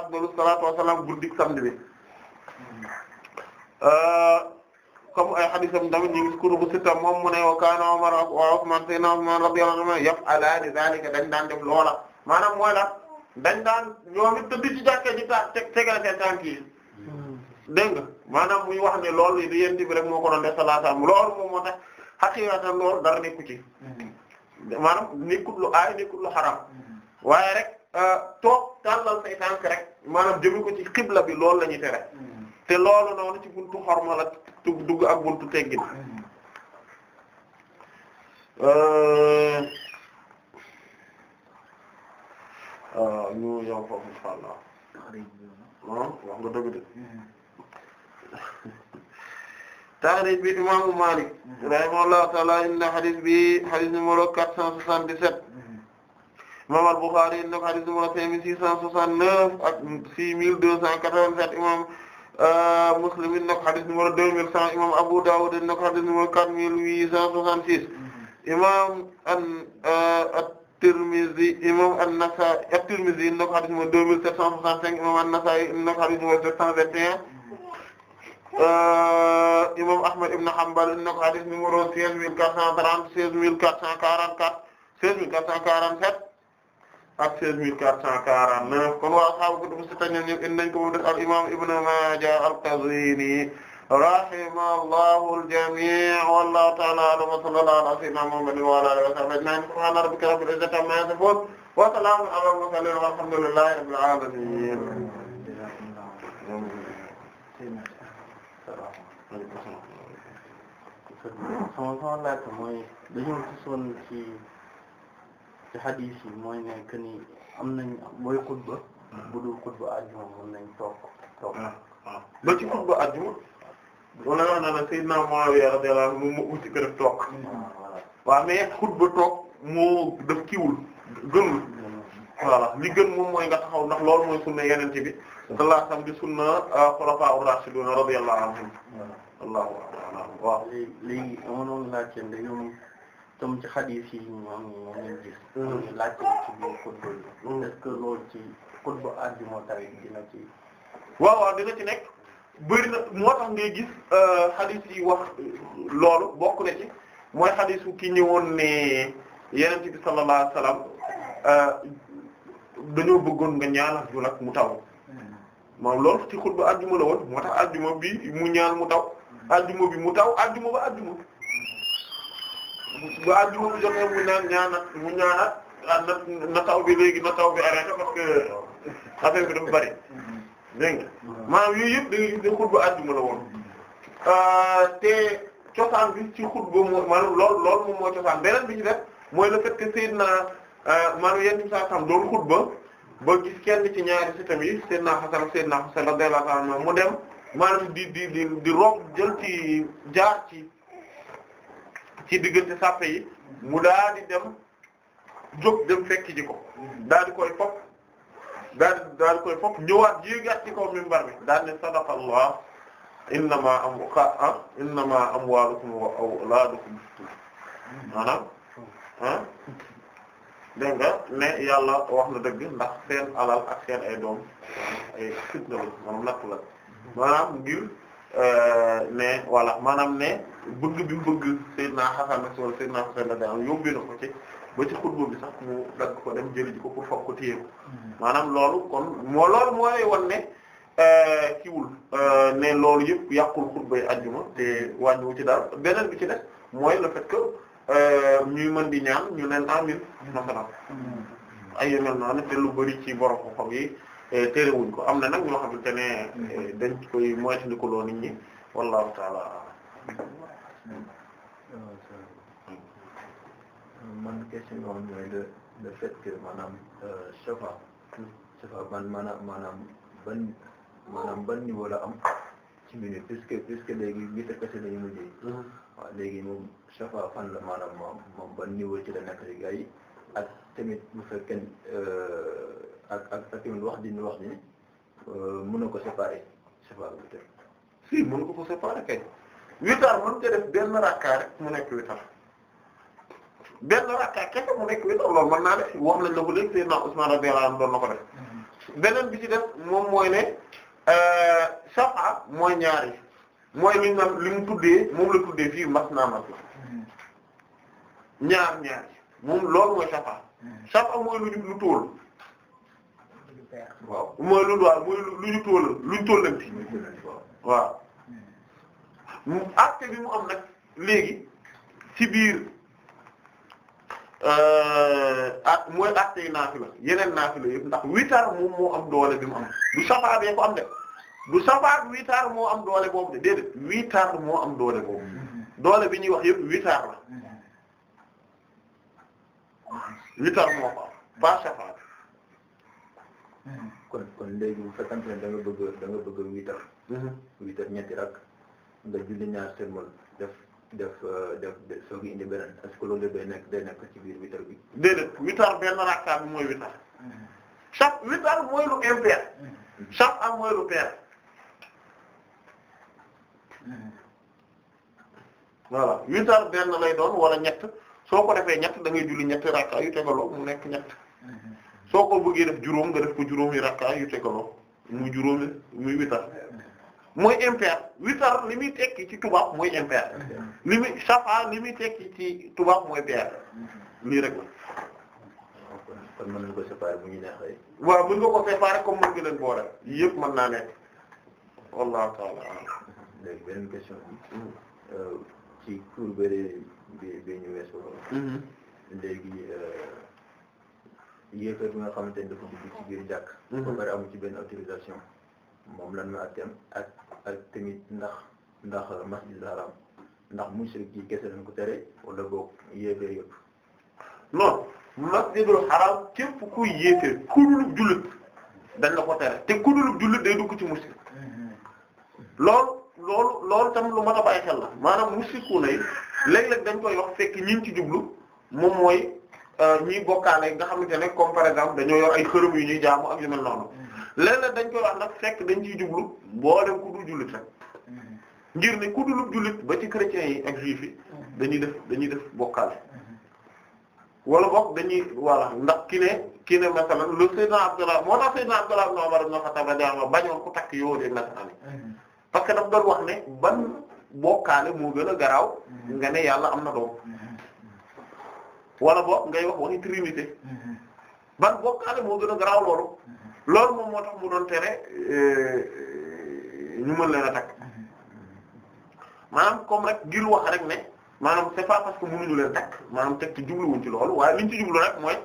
bi euh, comme ay hadisam tamit ñu ngi ci kutubu sitta moom mu ne wa kaana Umar wa Usmaan sayyidunaa Usmaan radiyallaahu anhumaa yaf'alaani zaalika dañ daan def loola maanaam mooy la dañ daan ñoom it tëdd ci jàkkee maanaam muy wax ne loolu yi di yéen bi rek moo ko doon def salaatam loolu moom moo tax xaqiiqatan loolu dara nekku ci. maanaam nekkul lu aay nekkul lu xaraam mm-hmm. waaye rek euh, toog tàllal say tànk rek maanaam jëme ko ci xibla bi loolu la ñuy tere mm-hmm. te loolu noonu ci buntu xorma la dugg ak buntu teggin mm-hmm. euh, euh, ñu yow foofu inshallah wax nga dëgg de taxrij bi imaamu Malik rahimahullahu taala inna xadis bi xadis numéro 477 imam al-Bukhari inna ko xadis numéro 5669 ak 6287 imam euh, Muslim inna ko xadis numéro 2100 imam Abu Dawud inna ko xadis numéro 4866 imam euh, at-Tirmidhi imam an-Nasa'i at-Tirmidhi inna ko xadis numéro 2765 imam an-Nasa'i inna ko xadis numéro 721 Euh, imam Ahmad ibn Hanbal inna ko hadith numéro 16430 16444 16447 ak 16449 kon waa ashaabu kutubu sitta ñoom ñëpp indi nañ ko mu def al imam Ibn Maaja al-Qazwiini rahimahullahu al-jamii' wallahu ta'ala a'lam wa sallallahu ala sayyidina Muhammadin wa ala alihi wa sahbihi ajma'in subhana rabbika rabbil izzati amma yasifuun wa salaamun ala al-mursaliin walhamdulillahi rabbil aalamiin sama sama laajte mooy dañoo gisoon ci ci xadiis yi mooy ne que ni am nañ booy xutba hmm. bu dul xutba ajjuma mën nañ toog toog hmm. Hmm. ba ci xutba ajjuma wala wax na la Seydina Muawiya radiyallahu anhu moom moo uti ko def toog waaw mais xutba toog moo def gënul voilà li gën moom mooy nga taxaw ndax loolu mooy sunna yeneen ci bi sallallahu alayhi wa sallam di sunna ah, xulafaa ar-raashidun radiyallahu waaw ci xadiis yi moom moom lañ gis hmm. ci biir xutba yi hmm. est-ce loolu waaw waaw ci nekk bëri moo tax ngay gis euh, xadiis wax loolu bokk na ci mooy xadiisu ki ñëwoon ne Yonent bi sallallahu alayhi euh, dañoo bëggoon nga ñaanal ñu nag mu taw maanaam loolu ci xutba àjjuma la woon moo tax àjjuma bi mu ñaan mu taw àjjuma bi mu taw àjjuma ba àjjuma ba àjjuma bi jotee mu naan ñaanat ah na taw bi léegi na taw bi arrêté parce que affaire bi dafa bari dégg nga yooyu yëpp da gis ne xutba àjjuma la woon ah, te cosaan bi ci xutba moo maanaam lool moom mooy cosaan beneen bi ñu def mooy le fait que Seydina ah, maanaam yenn saa tam doon xutba ba gis ci ñaari sëtam yi Seydina Hasan ak Seydina Husayn radiyallahu anhu mu dem maanaam di di di di romb jël ci jaar ci ci diggante sàppe yi mu daa di dem jóg dem fekk ji ko daa di koy fop daa di daa di koy fop ne sadaqallah innama am ah innama amwaalukum wa awlaadukum maanaam ah dégg nga ne yàlla wax na dëgg ndax seen alal ak seen ay doom ay fitna la maanaam natt la maanaam ngir euh, ne voilà maanaam ne bëgg bi mu bëgg Seydina Hasan ak wala Seydina Hasan la daal yóbbu na ko ci ba ci xutba bi sax mu dagg ko dem jëli ji ko pour foog hmm. maanaam loolu kon moo loolu moo lay ne euh, kiwul euh, ne loolu yëpp yàqul xutba yi àjjuma te wàññiwu ci daal beneen bi ci def mooy la fait que. Euh, ñuy mën di ñaan ñu neen amin masalan ay yu mel noonu te lu bari ci borom xam yi euh, terewuñ ko am na nag ñoo xamante ne euh, mm-hmm. dañ koy moytandikuloo nit ñi wallahu taala man question bi moom mooy le le que maanaam shafa shafa ban maanaam maanaam ban maanaam ban niveau la am ci minute puisque puisque léegi gis a kese mujjee mm-hmm. waaw léegi moom safa fan la maanaam moom moom ba niveau ci la nekk ci gars yi ak tamit bu fekkee euh, ak ak ak wax di ñu wax ni euh, mun na ko séparer safa bi tey si mën ko ko séparer kay witar mën te def benn rakka rek mu nekk witar benn rakka kese mu nekk witar loolu mën naa def wax lañ la ko léegi Seydina Ousmane radiyallahu anhu doon na ko def mhm. beneen bi ci def moom mooy ne euh, safa mooy ñaari mooy li nga li mu tuddee moom la tuddee fii mas naa mas la ñaar ñaar moom loolu mooy safa hmm. safa mooy lu lu tóol hmm. mooy lu waaw mooy lu ñu tóol luñ tóolanti hmm. waaw acte bi mu am nag léegi ci biir ah mooy acte yi la yeneen la yëpp ndax witar moom moo am doole bi mu am du safa bee ko am de du safa witar moo am doole boobu de déedéet witar moo am doole boobu doole bi ñuy wax yëpp witar la witar moo ko am hmm. kon kon léegi bu fekkante ne da nga bëgg da nga bëgg witar witar hmm. ñetti rak nga julli ñaar sermon def def euh, def soo ko indi beneen loolu day nekk day nekk ci biir witar bi déedéet witar benn rakkaa bi mooy witar hmm. chaque witar mooy lu impair chaque am lu pair voilà witar benn lay doon wala ñett soo ko defee ñett dangay ngay julli ñetti rakka yu tegaloo mu nekk ñett soo ko bëggee def juróom nga def ko juróomi rakka yu tegaloo muy juróomi muy witar mooy impair witar li muy tekki ci tubaab mooy impair li muy safa li muy tekki ci tubaab mooy paire lii rek la. kon mën nañu ko séparer bu ñu neexee. ko séparer comme mën nga leen boole yëpp mën naa nekk wallahu taala. léegi question bi bi ñu weesu mm-hmm. léegi euh, yéefar bi nga xamante ni dafa dugg ci biir jàkk mm-hmm. ba pare amu ci benn autorisation moom lan ma atteem ak ak tamit ndax ndax masjidul haram ndax mushrik yi kese lañ ko tere wala boog yéefar yëpp non masjidul haram képp kuy yéefar ku dul jullit dañ la ko tere te ku dul jullit day dugg ci mushrik mm-hmm. lool loolu loolu tam lu mat a bàyyi xel la maanaam mushrikuuna yi léeg-léeg dañ koy wax fekk ñi ci jublu moom mooy euh, ñiy bokkaale nga xamante ne comme par exemple dañoo yor ay xërëm yu ñuy jaamu ak yu mel noonu mm-hmm. léeg-léeg dañ koy wax nag fekk dañ ciy jublu boo dem ku dul jullit rek mm-hmm. ngir ne ku dul jullit ba ci chrétiens yi ak juifs yi mm-hmm. dañuy def dañuy def bokkaale wala boog dañuy voilà ndax ki ne ki ne lu le Seydina Abdallah moo tax Seydina Abdallah ibn Umar ibn Khattab radiyallahu anhu bañoon ku takk yoo de nasaraan daf doon wax bokkaale moo gën a garaaw mm-hmm. nga ne yàlla am na doom mm-hmm. wala boog ngay wax waxi trinité mm-hmm. ban bokkaale moo gën a garaaw loolu loolu moom moo tax mu doon tere eh, ñu mën leen a takk maanaam comme rek ngir wax rek ne maanaam c'est pas parce que mënuñu leen takk maanaam teg ci jubluwuñ ci loolu waaye liñ ci jublu rek mooy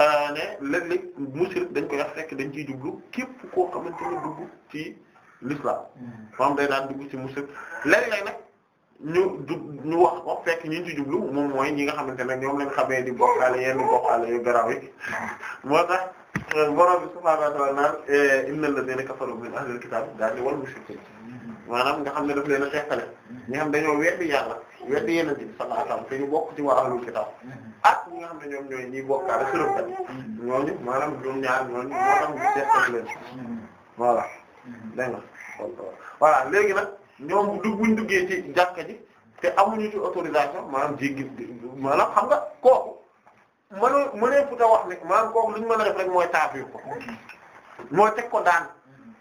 euh, ne léeg-léeg mushrik dañ koy wax fekk dañ ciy jublu képp koo xamante ne dugg ci l'islam hmm. maanaam day daan dugg ci musul léeg-léeg nag ñu jub ñu wax ko fekk ñi ñu ci moom mooy ñi nga xamante ne ñoom lañ xamee di bokkaale yenn bokkaale yu garaaw yi hmm. moo tax euh, borom bi subhaanahu wa ta'aala naan eh, innal lazina kafaru min ahlil kitaab daal di wal mushrikiin hmm. maanaam nga xam ne daf leen a xeexale ñi nga xam dañoo weddi yàlla weddi yenente bi sallallahu alayhi wasallam te ñu bokk ci waa ahlul kitaab ak ñi nga xam ne ñoom ñooy ñiy bokkaale sërëfkat ñooñu maanaam ñoom ñaar ñooñu moo tax ñu xeexal leen voilà dégg nga léegi nag ñoom du buñ duggee ci jàkka ji te amuñu ci autorisation maanaam jéggi maanaam xam nga kooku mënoo mënee fu ta wax ne maanaam kooku lu ñu mën a def rek mooy taafir ko mooy teg ko daan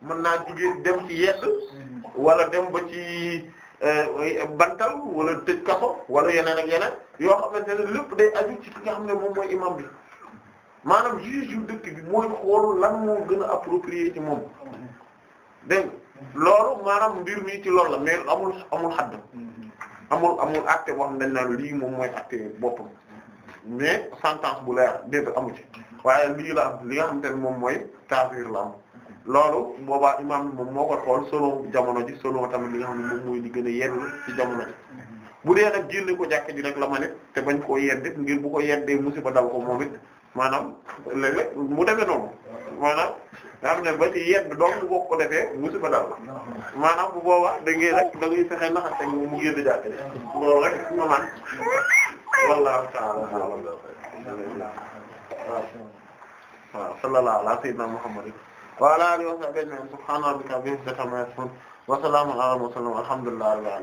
mën naa jugee dem ci yedd wala dem ba ci eh, bantal wala tëj kaso wala yeneen ak yeneen yoo xamante ne lépp day aju ci ki nga xam ne moom mooy imam bi maanaam juge yu dëkk bi mooy xool lan moo gën a approprié ci moom dégg loolu maanaam mbir mii ci lool la mais amul amul xadd amul amul acte boo xam dañ lii moom mooy acte boppam mais sentence bu leer déedéet amu ci waaye lii la am li nga xamante ne moom mooy tafsir la am loolu boobaa imaam moom moo ko xool solo jamono ji solo tamit li nga xam ne moom mooy li gën a yell ci jamono ji bu dee nag génne ko jàkk ji rek la ma ne te bañ koo yedde ngir bu ko yeddee musiba dal ko moom it maanaam léeg-léeg mu demee noonu nga xam ne ba ci yedd dong boo ko defee musiba dal la maanaam bu boobaa da ngay rek da ngay fexe naxante mu génn jàkkee loolu rek nga man wallahu ta'ala a'lam waaw sallallahu ala sayyidina muhammadin wa ala alihi wa sahbihi subhana rabbika rabbil izzati amma yasifun wa salamun ala mursalin walhamdulillahi rabbil alamin